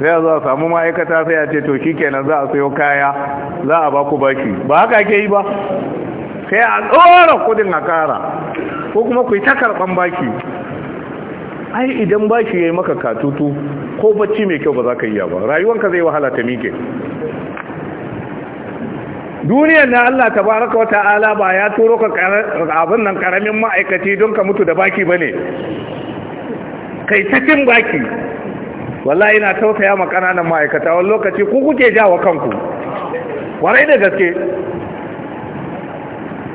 sai a zo a samu ma'aikata sai a ce to kenan za a sayo kaya za a baku baki ba haka ke yi ba sai a tsoron kudin a kara ko kuma ku yi ta karɓan baki ai idan baki ya yi maka katutu ko bacci mai kyau ba za ka yi ya ba rayuwanka zai wahala ta mike duniyar na Allah ta baraka wa ta'ala ba ya turo ka abin nan karamin ma'aikaci don ka mutu da baki ba ne kai ta baki wallahi ina tausaya ma kananan ma'aikata wani lokaci ku kuke jawa kanku warai da gaske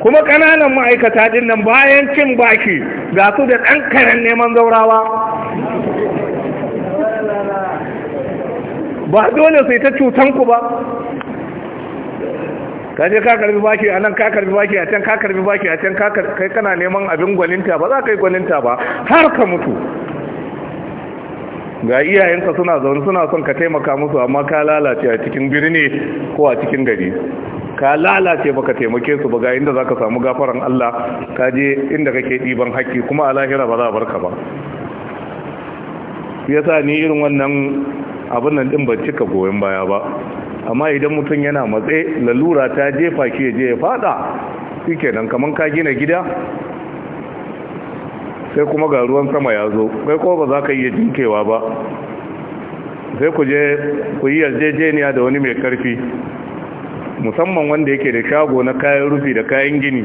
kuma kananan ma'aikata din nan bayan cin baki ga su da ɗan karen neman zaurawa ba dole sai ta cutanku ba ka ka karbi baki a nan ka karbi baki a can ka karbi baki a can kai kana neman abin gwaninta ba za ka yi gwaninta ba har ka mutu ga iyayenka suna zaune suna son ka taimaka musu amma ka lalace a cikin birni ko a cikin gari ka lalace baka taimake su ba ga inda zaka samu gafaran Allah ka je inda kake diban haƙƙi kuma a lahira ba za a barka ba yasa ni irin wannan abin nan din ban cika goyon baya ba amma idan mutum yana matse lalura ta jefa ki je ya fada shikenan kaman ka gina gida sai kuma ga ruwan sama ya zo kai ko ba za ka iya jinkewa ba sai ku je yi yarjejeniya da wani mai karfi musamman wanda yake da shago na kayan rufi da kayan gini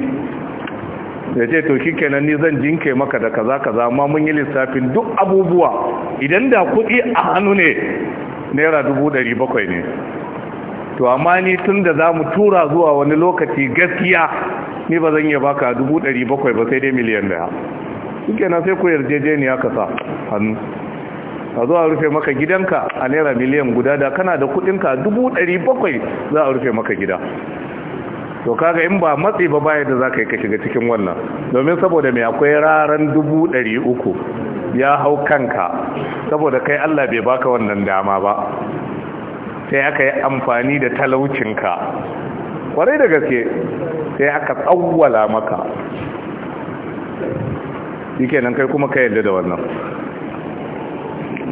ya ce to shikenan ni zan jinke maka da kaza kaza amma mun yi lissafin duk abubuwa idan da kuɗi a hannu ne naira dubu ɗari bakwai ne to amma ni tun da za mu tura zuwa wani lokaci gaskiya ni ba zan iya baka dubu ɗari bakwai ba sai dai miliyan daya suke na sai ku yarjejeniya ka sa hannu a zuwa rufe maka gidanka a naira miliyan guda da kana da kudinka dubu dari bakwai za a rufe maka gida to kaga in ba matsi ba baya da za ka yi ka shiga cikin wannan domin saboda mai akwai raran dubu dari uku ya hau kanka saboda kai allah bai baka wannan dama ba sai aka yi amfani da talaucinka kwarai da gaske sai aka tsawwala maka shi kenan kai kuma ka yadda da wannan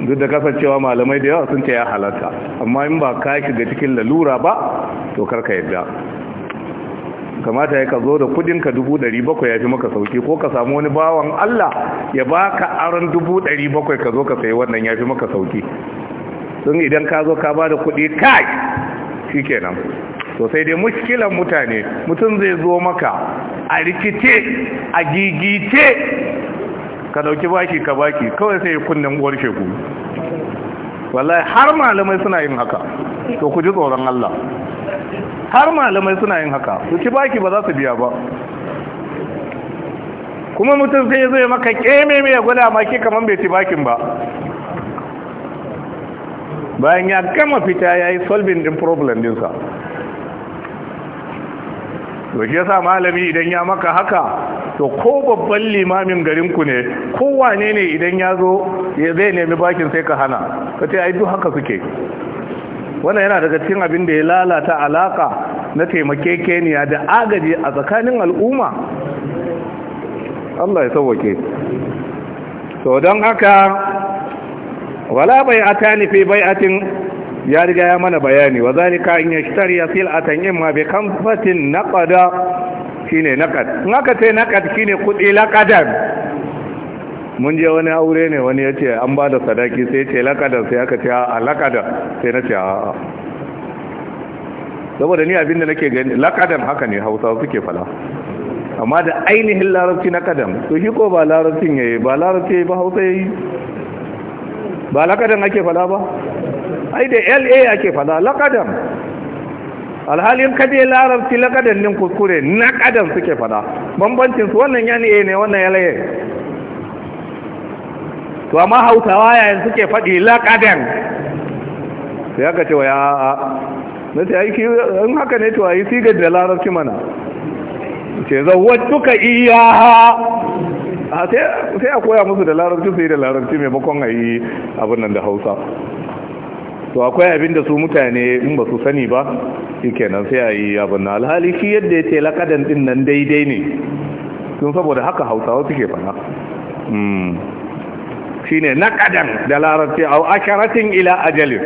duk da kasancewa malamai da yawa sun ce ya halatta amma in ba ka shiga cikin lalura ba to kar ka yarda kamata ya ka zo da kudinka bakwai ya fi maka sauki ko ka samu wani bawan Allah ya baka aron bakwai ka zo ka sayi wannan ya fi maka sauki sun idan ka zo ka ba da kudi kai shi kenan to sai dai mushkilan mutane mutum zai zo maka a rikice a gigice ka dauki baki ka baki kawai sai kunnen uwar sheku wallahi har malamai suna yin haka to ku ji tsoron Allah har malamai suna yin haka su ci baki ba za su biya ba kuma mutum sai zai maka keme mai gwada maki kamar bai ci bakin ba bayan ya gama fita ya yi solving din problem dinsa to shi yasa malami idan ya maka haka to ko babban limamin garinku ne ko wane ne idan ya zo zai nemi bakin sai ka hana ka ce ai duk haka suke wannan yana daga cikin abin da ya lalata alaka na taimakekeniya da agaji a tsakanin al'umma Allah ya sauwake to don haka wala bai atani fi bai'atin ya riga ya mana bayani wa zalika in yashtari sil'atan imma bi kamfatin naqada shine naqad in aka ce naqad shine kudi laqadan mun je wani aure ne wani yace an bada sadaki sai ce laqadan sai aka ce a laqadan sai na ce a saboda ni abinda nake gani laqadan haka ne Hausawa suke fala amma da ainihin larabci na kadam to shi ko ba larabcin yayi ba larabci ba Hausa yayi ba laqadan ake fala ba ai da la ake fada laƙadan alhalin kaje larabci laƙadan din kuskure na ƙadan suke fada bambancin su wannan ya a ne wannan laye to amma hausawa yayin suke faɗi laƙadan sai aka ce wa ya a na ta aiki in haka ne to a yi sigar da larabci mana ce zawwatuka iyaha sai a koya musu da larabci sai da larabci maimakon a yi abin nan da hausa to akwai abin da su mutane in ba su sani ba shi kenan sai a yi abin na alhali shi yadda ya ce lakadan din nan daidai ne sun saboda haka hausawa suke fana hmm. shi ne na kadan da larabci a asharatin ila ajalin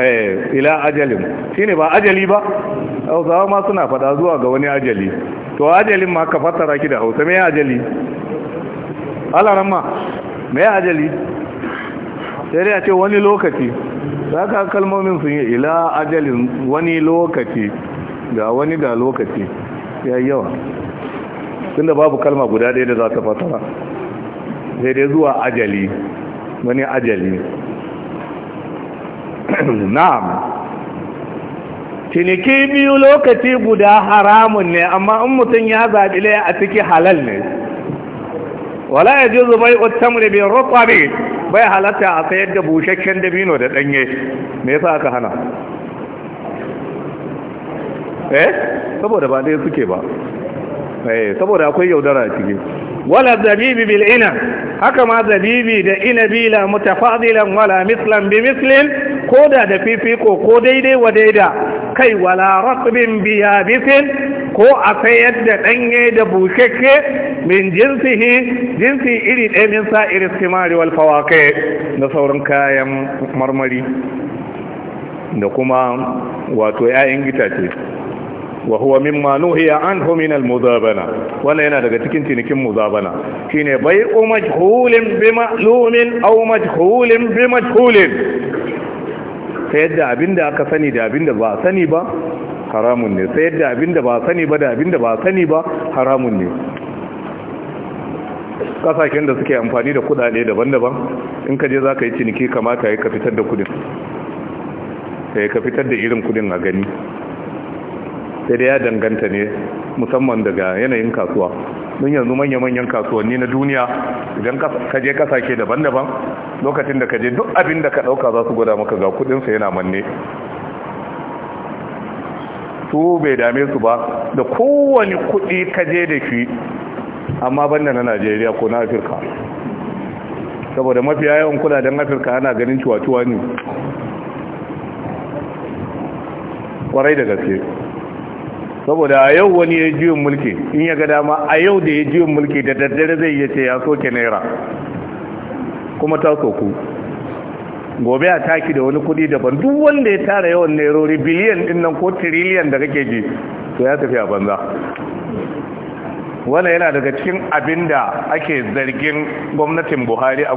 eh, ila ajalin shi ne ba ajali ba hausawa ma suna fada zuwa ga wani ajali to ajalin ma ka fassara ki da hausa mai ajali alaran ma mai ajali sai dai a ce wani lokaci za ka kalmomin sun yi ila ajalin wani lokaci ga wani da lokaci ya yi yawa tun da babu kalma guda ɗaya da za ta fasara sai dai zuwa ajali wani ajali na'am ciniki biyu lokaci guda haramun ne amma in mutum ya zaɓi ɗaya a ciki halal ne wala ya ji zubai utamri bin rukwari bai halatta a sayar da busasshen dabino da danye me yasa aka hana eh saboda ba dai suke ba eh saboda akwai yaudara a ciki wala zabibi bil ina haka ma zabibi da inabi la mutafadilan wala mislan bi mislin koda da fifiko ko daidai wa daida kai wala raqbin biya bifin ko akai yadda danye da bushakke min jinsihi jinsi iri ɗaya min sa'ir istimari wal fawaqi da sauran kayan marmari da kuma wato 'ya'yan gitace wa huwa mimma nuhiya anhu min al mudabana wannan yana daga cikin cinikin muzabana shine bai'u majhulin bi ma'lumin aw majhulin bi majhulin sayar da abin da aka sani da abin da ba sani ba haramun ne sayar da abin da ba sani ba da abin da ba sani ba haramun ne kasashen da suke amfani da kudade daban-daban in ka je za ka yi ciniki kamata ya ka fitar da kudin sai ka fitar da irin kudin a gani sai da ya danganta ne musamman daga yanayin kasuwa don yanzu manya-manyan kasuwanni na duniya idan ka je kasashe daban-daban lokacin da ka je duk abin da ka dauka za su gwada maka ga kudinsa yana manne su bai dame su ba da kowani kudi kaje je da shi amma banda na najeriya ko na afirka saboda mafi yawan kudaden afirka ana ganin cuwa-cuwa ne kwarai da gaske saboda a yau wani ya juyin mulki in ya ga dama a yau da ya juyin mulki da daddare zai yace ce ya soke naira kuma ta soku gobe a taki da wani kudi daban duk wanda ya tara yawan nairori biliyan din nan ko tiriliyan da kake ji to ya tafi a banza wannan yana daga cikin abin da ake zargin gwamnatin buhari a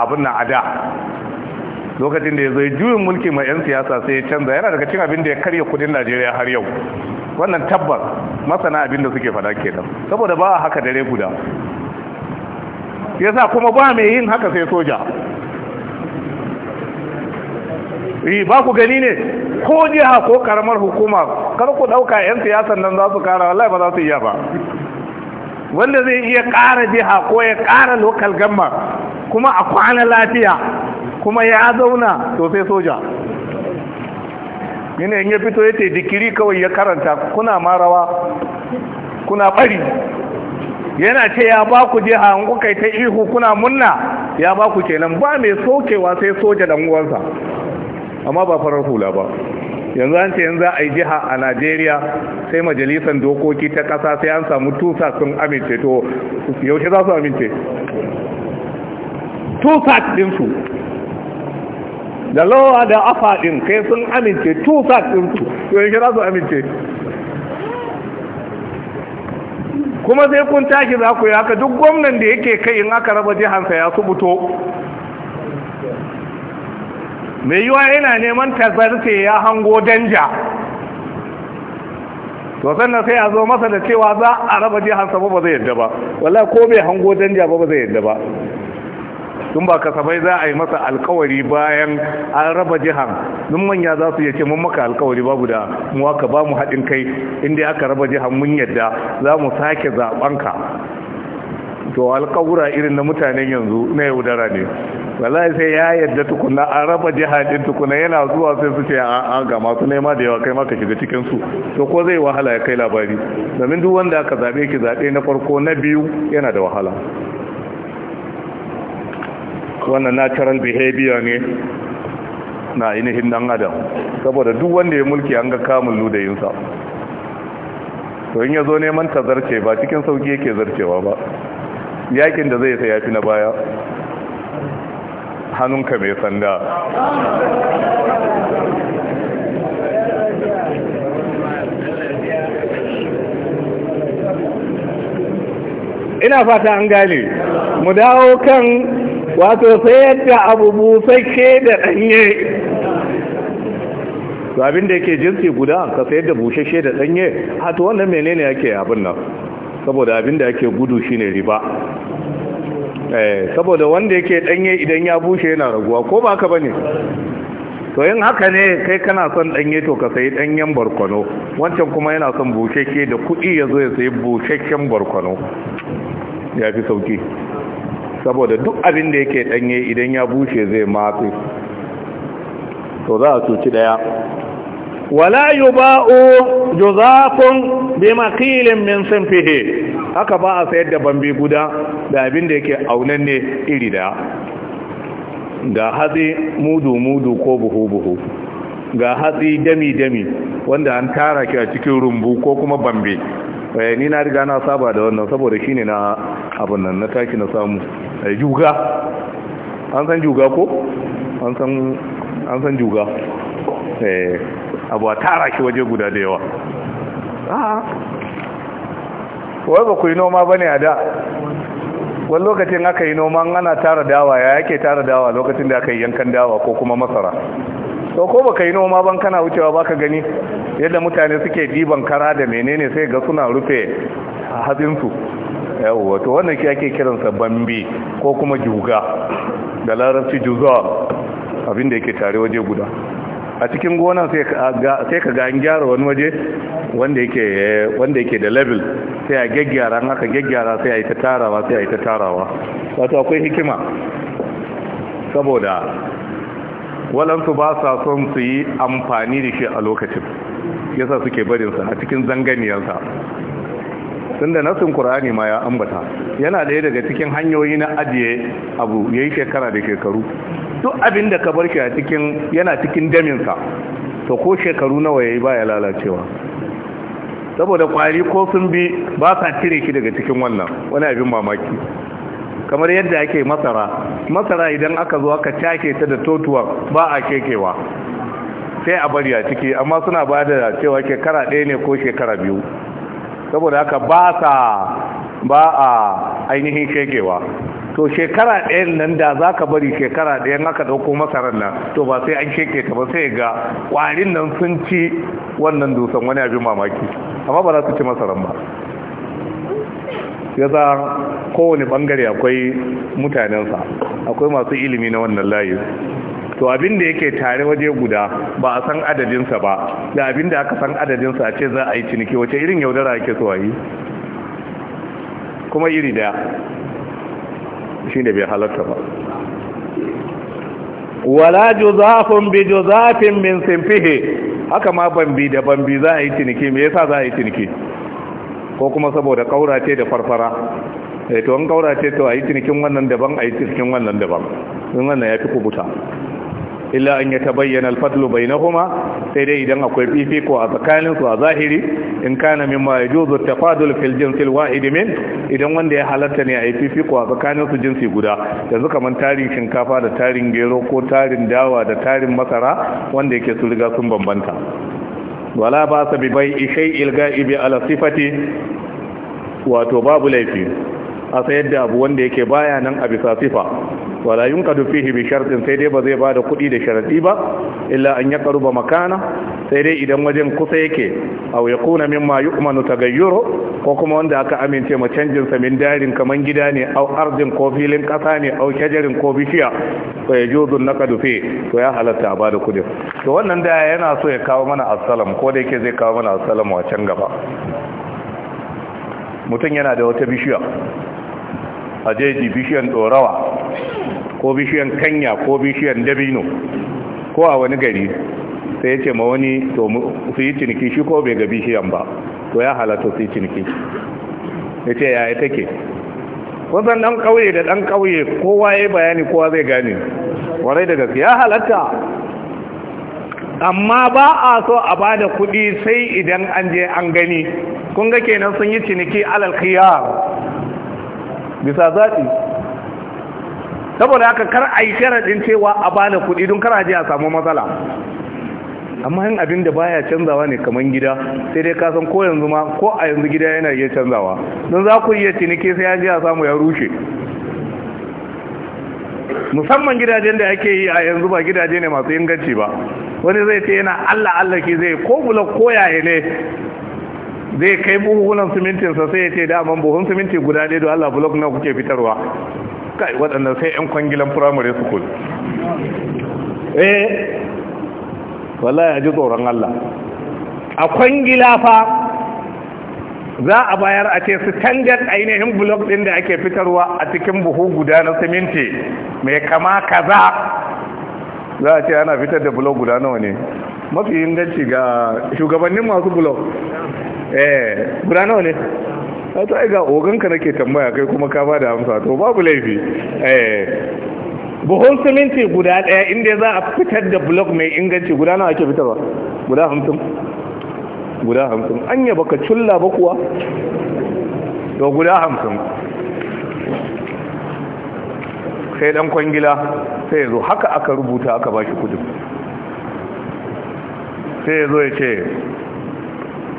abin na ada lokacin da ya zai juyin mulki mai 'yan siyasa sai ya canza yana daga cikin abin da ya karya kudin najeriya har yau wannan tabbas masana abin da suke fada kenan saboda ba haka dare guda yasa kuma ba mai yin haka sai soja yi ba ku gani ne ko jiha ko karamar hukuma kar ku dauka yan siyasan nan za su kara wallahi ba za su iya ba wanda zai iya kara jiha ko ya kara lokal gamma kuma a kwana lafiya kuma ya zauna to sai soja yana in ya fito ya dikiri kawai ya karanta kuna marawa kuna bari yana ce ya ba ku je a kuka ta ihu kuna munna ya ba ku kenan ba mai sokewa sai soja dan uwansa amma ba farar hula ba yanzu an ce yanzu a yi jiha a najeriya sai majalisar dokoki ta kasa sai an samu tusa sun amince to yaushe za su amince tusa ɗinsu da lawa da afa kai sun amince two sat su to yake za su amince kuma sai kun tashi za ku yi haka duk gwamnan da yake kai in aka raba jihansa ya su buto. mai yiwa yana neman tazarce ya hango danja to sannan sai a zo masa da cewa za a raba jihansa ba ba zai yadda ba wallahi ko bai hango danja ba ba zai yadda ba tun ba kasafai za a yi masa alkawari bayan an raba jihan nun manya za su yace mun maka alkawari babu da mu aka ba mu haɗin kai inda aka raba jihan mun yadda za mu sake zaɓanka to alƙawura irin na mutanen yanzu na yaudara ne wallahi sai ya yadda tukuna an raba jihadin tukuna yana zuwa sai su ce a ga masu nema da yawa kai maka shiga cikin su to ko zai wahala ya kai labari domin duk wanda aka zabe ki zabe na farko na biyu yana da wahala wannan natural behavior ne na ainihin dan adam saboda duk wanda ya mulki an ga kamun ludayinsa to in ya zo neman ta zarce ba cikin sauki yake zarcewa ba yakin da zai sai ya fi na baya hannunka mai sanda ina fata an gane mu dawo kan wato sayar da abu busasshe da ɗanye to abin da yake jinsi guda ka sayar da busasshe da ɗanye a to wannan menene yake abin nan saboda abin da yake gudu shine riba eh saboda wanda yake ɗanye idan ya bushe yana raguwa ko ba ka bane to yin haka ne kai kana son danye to ka sayi danyen barkwano wancan kuma yana son busheke da kuɗi ya zo ya sayi busheken barkwano ya fi sauki saboda duk abin da yake danye idan ya bushe zai mafi. to za a cuci daya wala yuba'u juzafun bi maqilin min sanfihi haka ba a sayar da bambe guda da abin da yake aunanne iri daya ga hatsi mudu mudu ko buhu buhu ga hatsi dami dami wanda an tara ki a cikin rumbu ko kuma bambe Eh, ni na riga na saba da wannan saboda shi ne na abin nan na taki na samu eh, juga an san juga ko an san juga eh abu a tara shi waje guda da yawa a'a wai ba ku yi noma ba ne a da wani lokacin aka yi noma ana tara dawa ya yake tara dawa lokacin da aka yi yankan dawa ko kuma masara to ko baka yi noma ban kana wucewa baka gani yadda mutane suke diban kara da menene sai ga suna rufe su yawwa to wannan shi ake kiransa bambi ko kuma juga da larabci abin abinda yake tare waje guda a cikin gonan sai ka ga an gyara wani waje wanda yake da level sai a gyaggyara an aka gyaggyara sai a yi ta tarawa sai a yi ta tarawa wato akwai hikima saboda walansu ba sa son su yi amfani da shi a lokacin yasa suke barinsa a cikin zanganiyarsa da nasin ƙura'ani ma ya ambata yana ɗaya daga cikin hanyoyi na ajiye abu ya yi shekara da shekaru duk abin da ka barke a cikin yana cikin daminsa to ko shekaru nawa ya yayi baya lalacewa saboda ƙwari ko sun bi ba sa cire shi daga cikin wannan wani abin mamaki kamar yadda ake masara masara idan aka zo aka take ta da totuwa ba a kekewa sai a bari a ciki amma suna ba da cewa shekara ɗaya ne ko shekara biyu saboda haka ba sa ba a ainihin kekewa to shekara ɗaya nan da za ka bari shekara ɗaya ɗayan aka ɗauko masarar nan to ba sai an sheke ta ba sai ga ƙwarin nan sun ci wannan dusan wani abin mamaki amma ba za su ci masarar ba ya za kowane bangare akwai mutanensa akwai masu ilimi na wannan layi to abin da yake tare waje guda ba a san adadinsa ba da abin da aka san adadinsa a ce za a yi ciniki wace irin yaudara ake so a yi kuma iri daya shi ne bai halatta ba wala juzafun bi juzafin min simfihe haka ma bambi da bambi za a yi ciniki me yasa za a yi ciniki ko kuma saboda kaurace da farfara eh to an kaurace to ayi cinikin wannan daban ayi cinikin wannan daban in wannan yafi kubuta illa an yatabayyana al bainahuma sai dai idan akwai fifiko a tsakanin su a zahiri in kana mimma yajuzu tafadul fil jinsi al-wahid min idan wanda ya halatta ne a ayi fifiko a tsakanin su jinsi guda yanzu kaman tarin shinkafa da tarin gero ko tarin dawa da tarin masara wanda yake su riga sun bambanta wala ba sa bi bai ishai ilga'ibi ala sifati wato babu laifi a sayar da abu wanda yake baya nan a bisa sifa wala kadu fihi bi shartin sai dai ba zai bada kuɗi da sharadi ba illa an yaqruba makana sai dai idan wajen kusa yake aw yakuna mimma yu'manu tagayyuru ko kuma wanda aka amince ma canjin sa min darin kaman gida ne aw ardin ko filin kasa ne aw shajarin ko bishiya fa na naqadu fi to ya halatta a bada kuɗi to wannan da yana so ya kawo mana assalam ko da yake zai kawo mana assalam a can gaba mutum yana da wata bishiya a jeji bishiyan dorawa ko bishiyan kanya ko bishiyan dabino ko a wani gari sai ya ce ma wani to su yi ciniki shi ko bai ga bishiyan ba to ya halatta su yi ciniki ya ce yi take wasan ɗan ƙauye da ɗan ƙauye kowa ya bayani kowa zai gane warai da gaske ya halatta amma ba a so a ba da kuɗi sai idan an je an gani kun ga kenan sun yi ciniki alal khiyar bisa zaɓi saboda haka kar a yi sharaɗin cewa a bani kuɗi don kar a ji a samu matsala amma yin abin da baya canzawa ne kamar gida sai dai kasan ko yanzu ma ko a yanzu gida yana iya canzawa don za ku iya ciniki sai ya je a samu ya rushe musamman gidajen da ake yi a yanzu ba gidaje ne masu inganci ba wani zai ce yana allah allah ki zai ko bula koyaye ne zai kai buhunan simintinsa sai ya ce daman buhun siminti guda ɗaya da allah bulok na kuke fitarwa kai waɗannan sai 'yan kwangilan firamare su eh wallahi ji tsoron Allah a kwangila fa za a bayar a ce standard ainihin bulok ɗin da ake fitarwa a cikin buhu guda na siminti mai kama kaza za a ce ana fitar da blok guda nawa ne mafi inganci ga shugabannin masu blok eh guda nawa ne a to ga oganka nake tambaya kai kuma ka ba da amsa to babu laifi eh. buhun siminti guda daya inda za a fitar da blog mai inganci guda nawa ake fitarwa guda hamsin guda hamsin an yaba ka culla ba kuwa to guda hamsin sai dan kwangila sai zo haka aka rubuta aka bashi kudin sai zo ya ce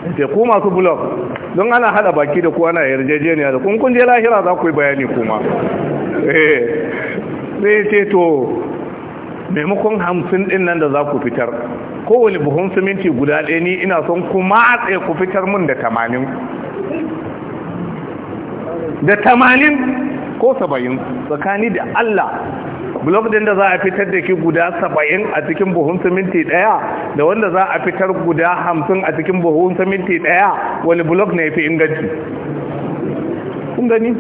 ya ce ku masu blog don ana hada baki da kuwa na yarjejeniya da kun je lahira za ku yi bayani kuma eh, sai ce to maimakon hamsin din nan da za ku fitar kowane buhun siminti guda ɗaya ni ina son kuma matse ku fitar mun da tamanin da tamanin ko saba'in tsakani da Allah blok din da za a fitar da ki guda saba'in a cikin buhun siminti ɗaya da wanda za a fitar guda hamsin a cikin buhun siminti ɗaya wani blok ne fi inganci kun gani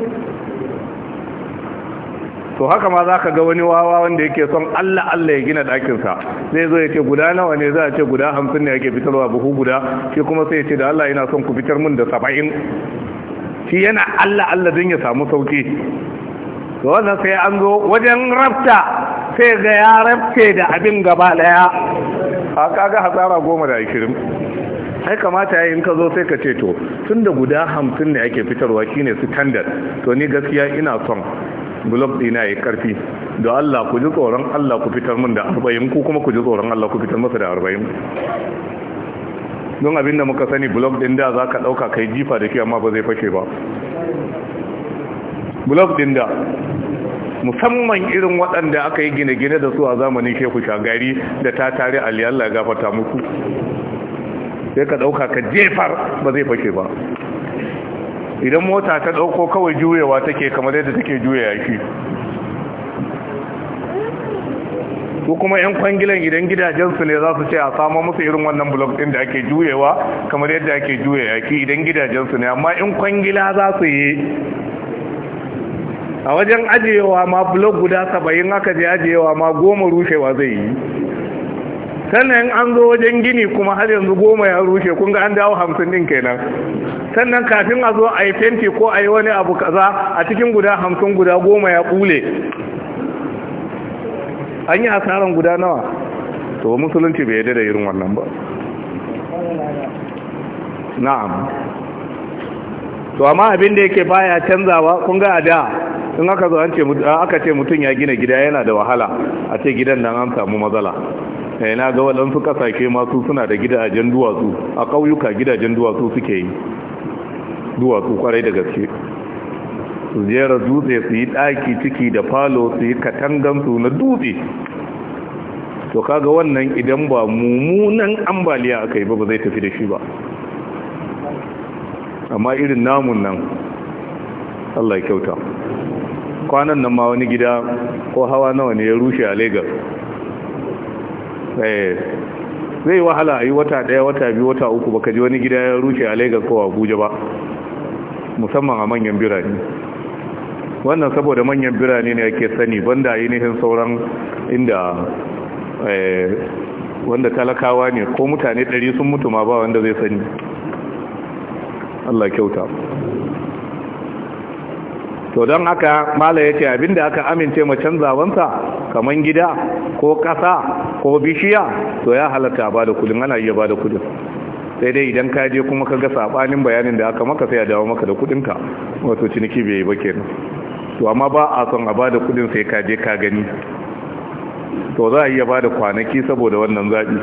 to haka ma za ka ga wani wawa wanda yake son Allah Allah ya gina ɗakinsa zai zo ya ce guda nawa ne za a ce guda hamsin ne ake fitarwa buhu guda shi kuma sai ya ce da Allah yana son ku fitar mun da saba'in shi yana Allah Allah don ya samu sauki to sai an zo wajen rafta sai ga ya rafke da abin gaba daya a kaga hasara goma da ashirin ai kamata yayin ka zo sai ka ce to tun da guda hamsin ne ake fitarwa shine standard to ni gaskiya ina son blog dina ya karfi da Allah ku ji tsoron Allah ku fitar min da 40 ku kuma ku ji tsoron Allah ku fitar masa da 40 don abinda muka sani blog din da zaka dauka kai jifa da shi amma ba zai fashe ba blog din da musamman irin waɗanda aka yi gine-gine da su a zamanin shehu shagari da ta tare aliyalla gafata muku sai ka ɗauka ka jefar ba zai fashe ba idan mota ta ɗauko kawai juyewa take kamar yadda take juya shi ko kuma 'yan kwangilan idan gidajensu ne za su ce a samu musu irin wannan blog ɗin da ake juyewa kamar yadda ake juya yaki idan gidajensu ne amma ƴan kwangila za su yi a wajen ajiyewa ma blog guda saba'in aka je ajiyewa ma goma rushewa zai yi sannan an zo wajen gini kuma har yanzu goma ya rushe kun ga an dawo hamsin din kenan sannan kafin a zo a yi fenti ko a yi wani abu kaza a cikin guda hamsin guda goma ya kule an yi asaran guda nawa to musulunci bai yadda da irin wannan ba na'am to amma abin da yake baya canzawa kun a da in aka zo ce aka ce mutum ya gina gida yana da wahala a ce gidan nan an samu matsala eh na ga waɗansu kasashe masu suna da gidajen duwatsu a ƙauyuka gidajen duwatsu suke yi duwatsu kwarai da gaske su jera dutse su yi ɗaki ciki da falo su yi katangansu na dutse to kaga wannan idan ba mummunan ambaliya aka yi ba ba zai tafi da shi ba amma irin namun nan Allah ya kyauta kwanan nan ma wani gida ko hawa nawa ne ya rushe a lagos eh, zai wahala a yi wata daya wata biyu wata uku baka ji wani gida ya rushe a Legas ko abuja ba musamman a manyan birane wannan saboda manyan birane ne ake sani banda ainihin sauran inda eh, wanda talakawa ne ko mutane ɗari sun mutu ma ba wanda zai sani Allah kyauta to don haka mala ya ce abinda aka amince mu canzawansa kamar gida ko ƙasa ko bishiya to ya halatta ba da kudin ana iya ba da kudin sai dai idan ka je kuma ka ga sabanin bayanin da aka maka sai a dawo maka da kudinka wato ciniki bai yi ba kenan to amma ba a son a ba da kudin sai ka je ka gani to za a iya ba da kwanaki saboda wannan zaɓi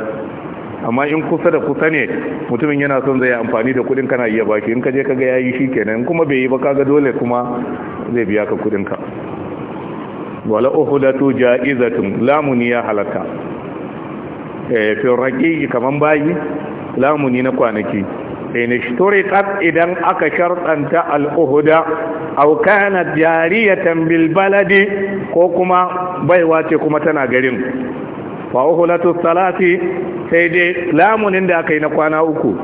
amma in kusa da kusa ne mutumin yana son zai amfani da kudin kana iya baki in ka je kaga yayi kenan, kuma bai yi ba kaga dole kuma zai biya ka kudin ka wala uhudatu ja'izatun lamuni ya halaka eh fi raqi kaman bayi lamuni na kwanaki in kat idan aka shartanta al-uhuda aw kanat jariyatan bil baladi ko kuma baiwa ce kuma tana garin wa uhulatu salati sai dai lamunin da aka yi na kwana uku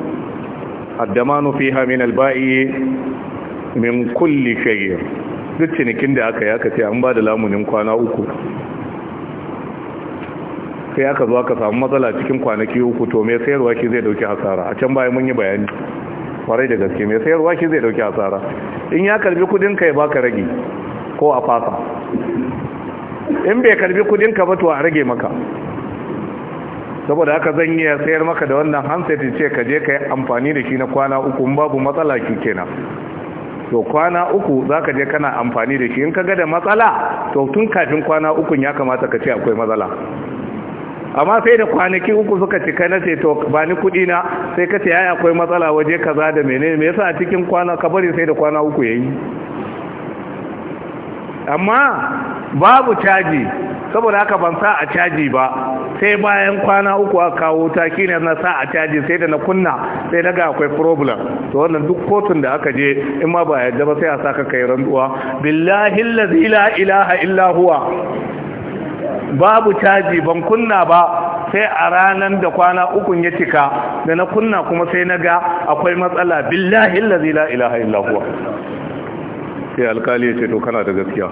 addamanu fiha min alba'i min kulli shay duk cinikin da aka yi aka ce an ba da lamunin kwana uku sai aka zo aka samu matsala cikin kwanaki uku to mai sayarwa shi zai dauki hasara a can bayan mun yi bayani kwarai da gaske mai sayarwa shi zai dauki hasara in ya karbi kudin ka ya baka rage ko a fasa in bai karbi kudin ka ba to a rage maka saboda haka zan iya sayar maka da wannan hanset ce ka je ka yi amfani da shi na kwana uku babu matsala shi kenan to kwana uku za ka je kana amfani da shi in ka ga da matsala to tun kafin kwana uku ya kamata ka ce akwai matsala amma sai da kwanaki uku suka cika na ce to ba ni kuɗi na sai ka ce yaya akwai matsala waje kaza da mene me yasa a cikin kwana ka bari sai da kwana uku yayi amma babu caji saboda haka ban sa a caji ba sai bayan kwana uku a kawo ta ne na sa a caji sai da na kunna sai na ga akwai problem to wannan duk kotun da aka je in ma ba yadda ba sai a saka kai randuwa billahi allazi la ilaha illa huwa babu caji ban kunna ba sai a ranan da kwana ukun ya cika da na kunna kuma sai na ga akwai matsala billahi allazi la ilaha illa huwa sai alkali ya ce to kana da gaskiya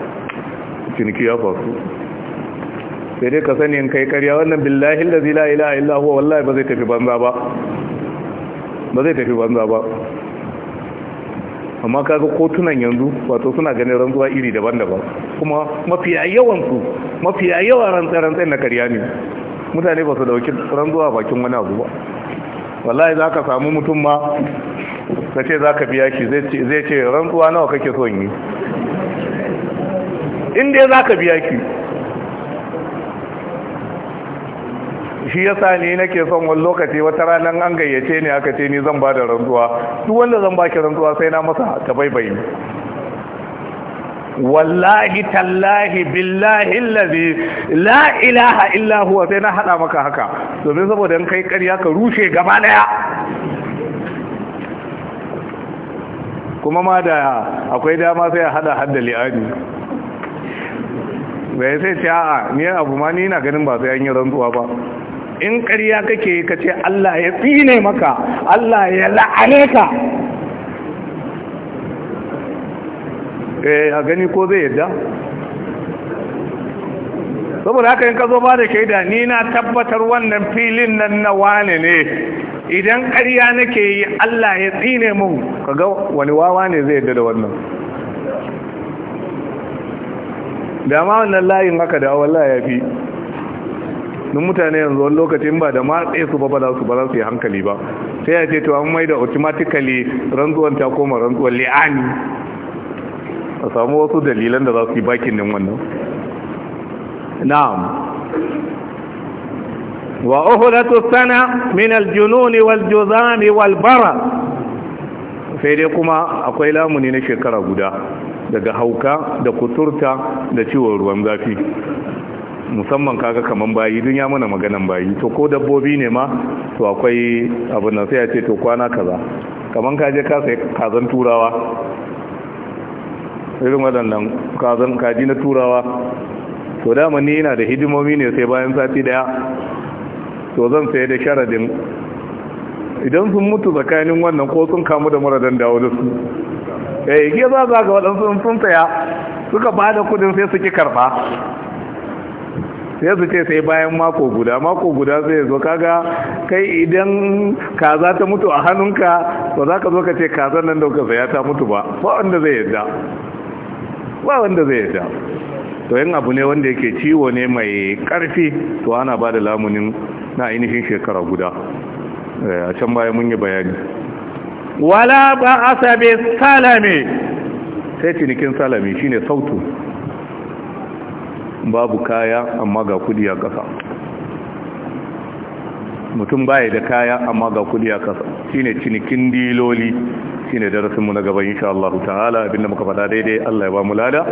ciniki ya faru sai dai ka sani in kai karya wannan billahi allazi la ilaha illa huwa wallahi ba zai tafi banza ba ba zai tafi banza ba amma kaga kotunan yanzu wato suna ganin rantsuwa iri daban-daban kuma mafi yawan su mafi yawan rantsa na karya ne mutane ba su dauki rantsuwa bakin wani abu ba wallahi za ka samu mutum ma ka ce za ka biya shi zai ce rantsuwa nawa kake son yi inda za ka biya shi shi yasa ni nake son wani lokaci wata ranar an gayyace ni aka ce ni zan ba da rantsuwa duk wanda zan ba ki rantsuwa sai na masa ta baibayi wallahi tallahi billahi allazi la ilaha illa huwa sai na hada maka haka domin saboda in kai karya ka rushe gaba daya kuma ma da akwai dama sai a hada hadda li'ani bai sai ce a'a ni abu ma ni na ganin ba sai an yi rantsuwa ba in ƙarya kake ka ce Allah ya tsine maka Allah ya la'ane ka eh, a gani ko zai yadda saboda haka in ka zo ba da shaida ni na tabbatar wannan filin nan na wane ne idan ƙarya nake yi Allah ya tsine mun kaga wani wawa ne zai yadda da wannan da ma wannan layin haka da wallahi ya fi Nun mutane yanzu wani lokacin ba da ma tsaye su ba ba su ba za su yi hankali ba sai ya ce to an mai da automatically rantsuwan ta koma rantsuwan li'ani a samu wasu dalilan da za su yi bakin din wannan na'am wa uhudatu sana min aljununi wal juzami wal bara sai dai kuma akwai lamuni na shekara guda daga hauka da kuturta da ciwon ruwan zafi musamman kaga kaman bayi dun ya mana maganan bayi to ko dabbobi ne ma to akwai abin nan sai ya ce to kwana kaza kaman ka je ka sai kazan turawa irin waɗannan kazan kaji na turawa to dama ni yana da hidimomi ne sai bayan sati daya to zan sai da sharadin idan sun mutu tsakanin wannan ko sun kamu da muradan dawo da su eh ke za za ga waɗansu sun tsaya suka ba da kudin sai suke karɓa sai su ce sai bayan mako guda mako guda sai zo kaga kai idan kaza ta mutu a hannunka ba za ka zo ka ce kazan nan dauka saya ta mutu ba ba wanda zai yadda ba wanda zai yadda to yin abu ne wanda yake ciwo ne mai karfi to ana ba da lamunin na ainihin shekara guda eh, a can bayan mun yi bayani wala ba asabe salame sai cinikin salami shine sautu babu kaya amma ga kudi a kasa mutum baya da kaya amma ga kudi a kasa shine cinikin diloli shine darasinmu na gaba insha Allah ta'ala abinda muka faɗa daidai Allah ya ba mu lada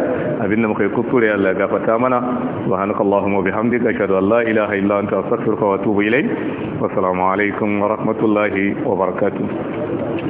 abinda muka yi kuskure Allah ya gafarta mana subhanakallahumma bihamdika ashhadu an la ilaha illa anta astaghfiruka wa atubu ilayk wa assalamu alaikum wa rahmatullahi wa barakatuh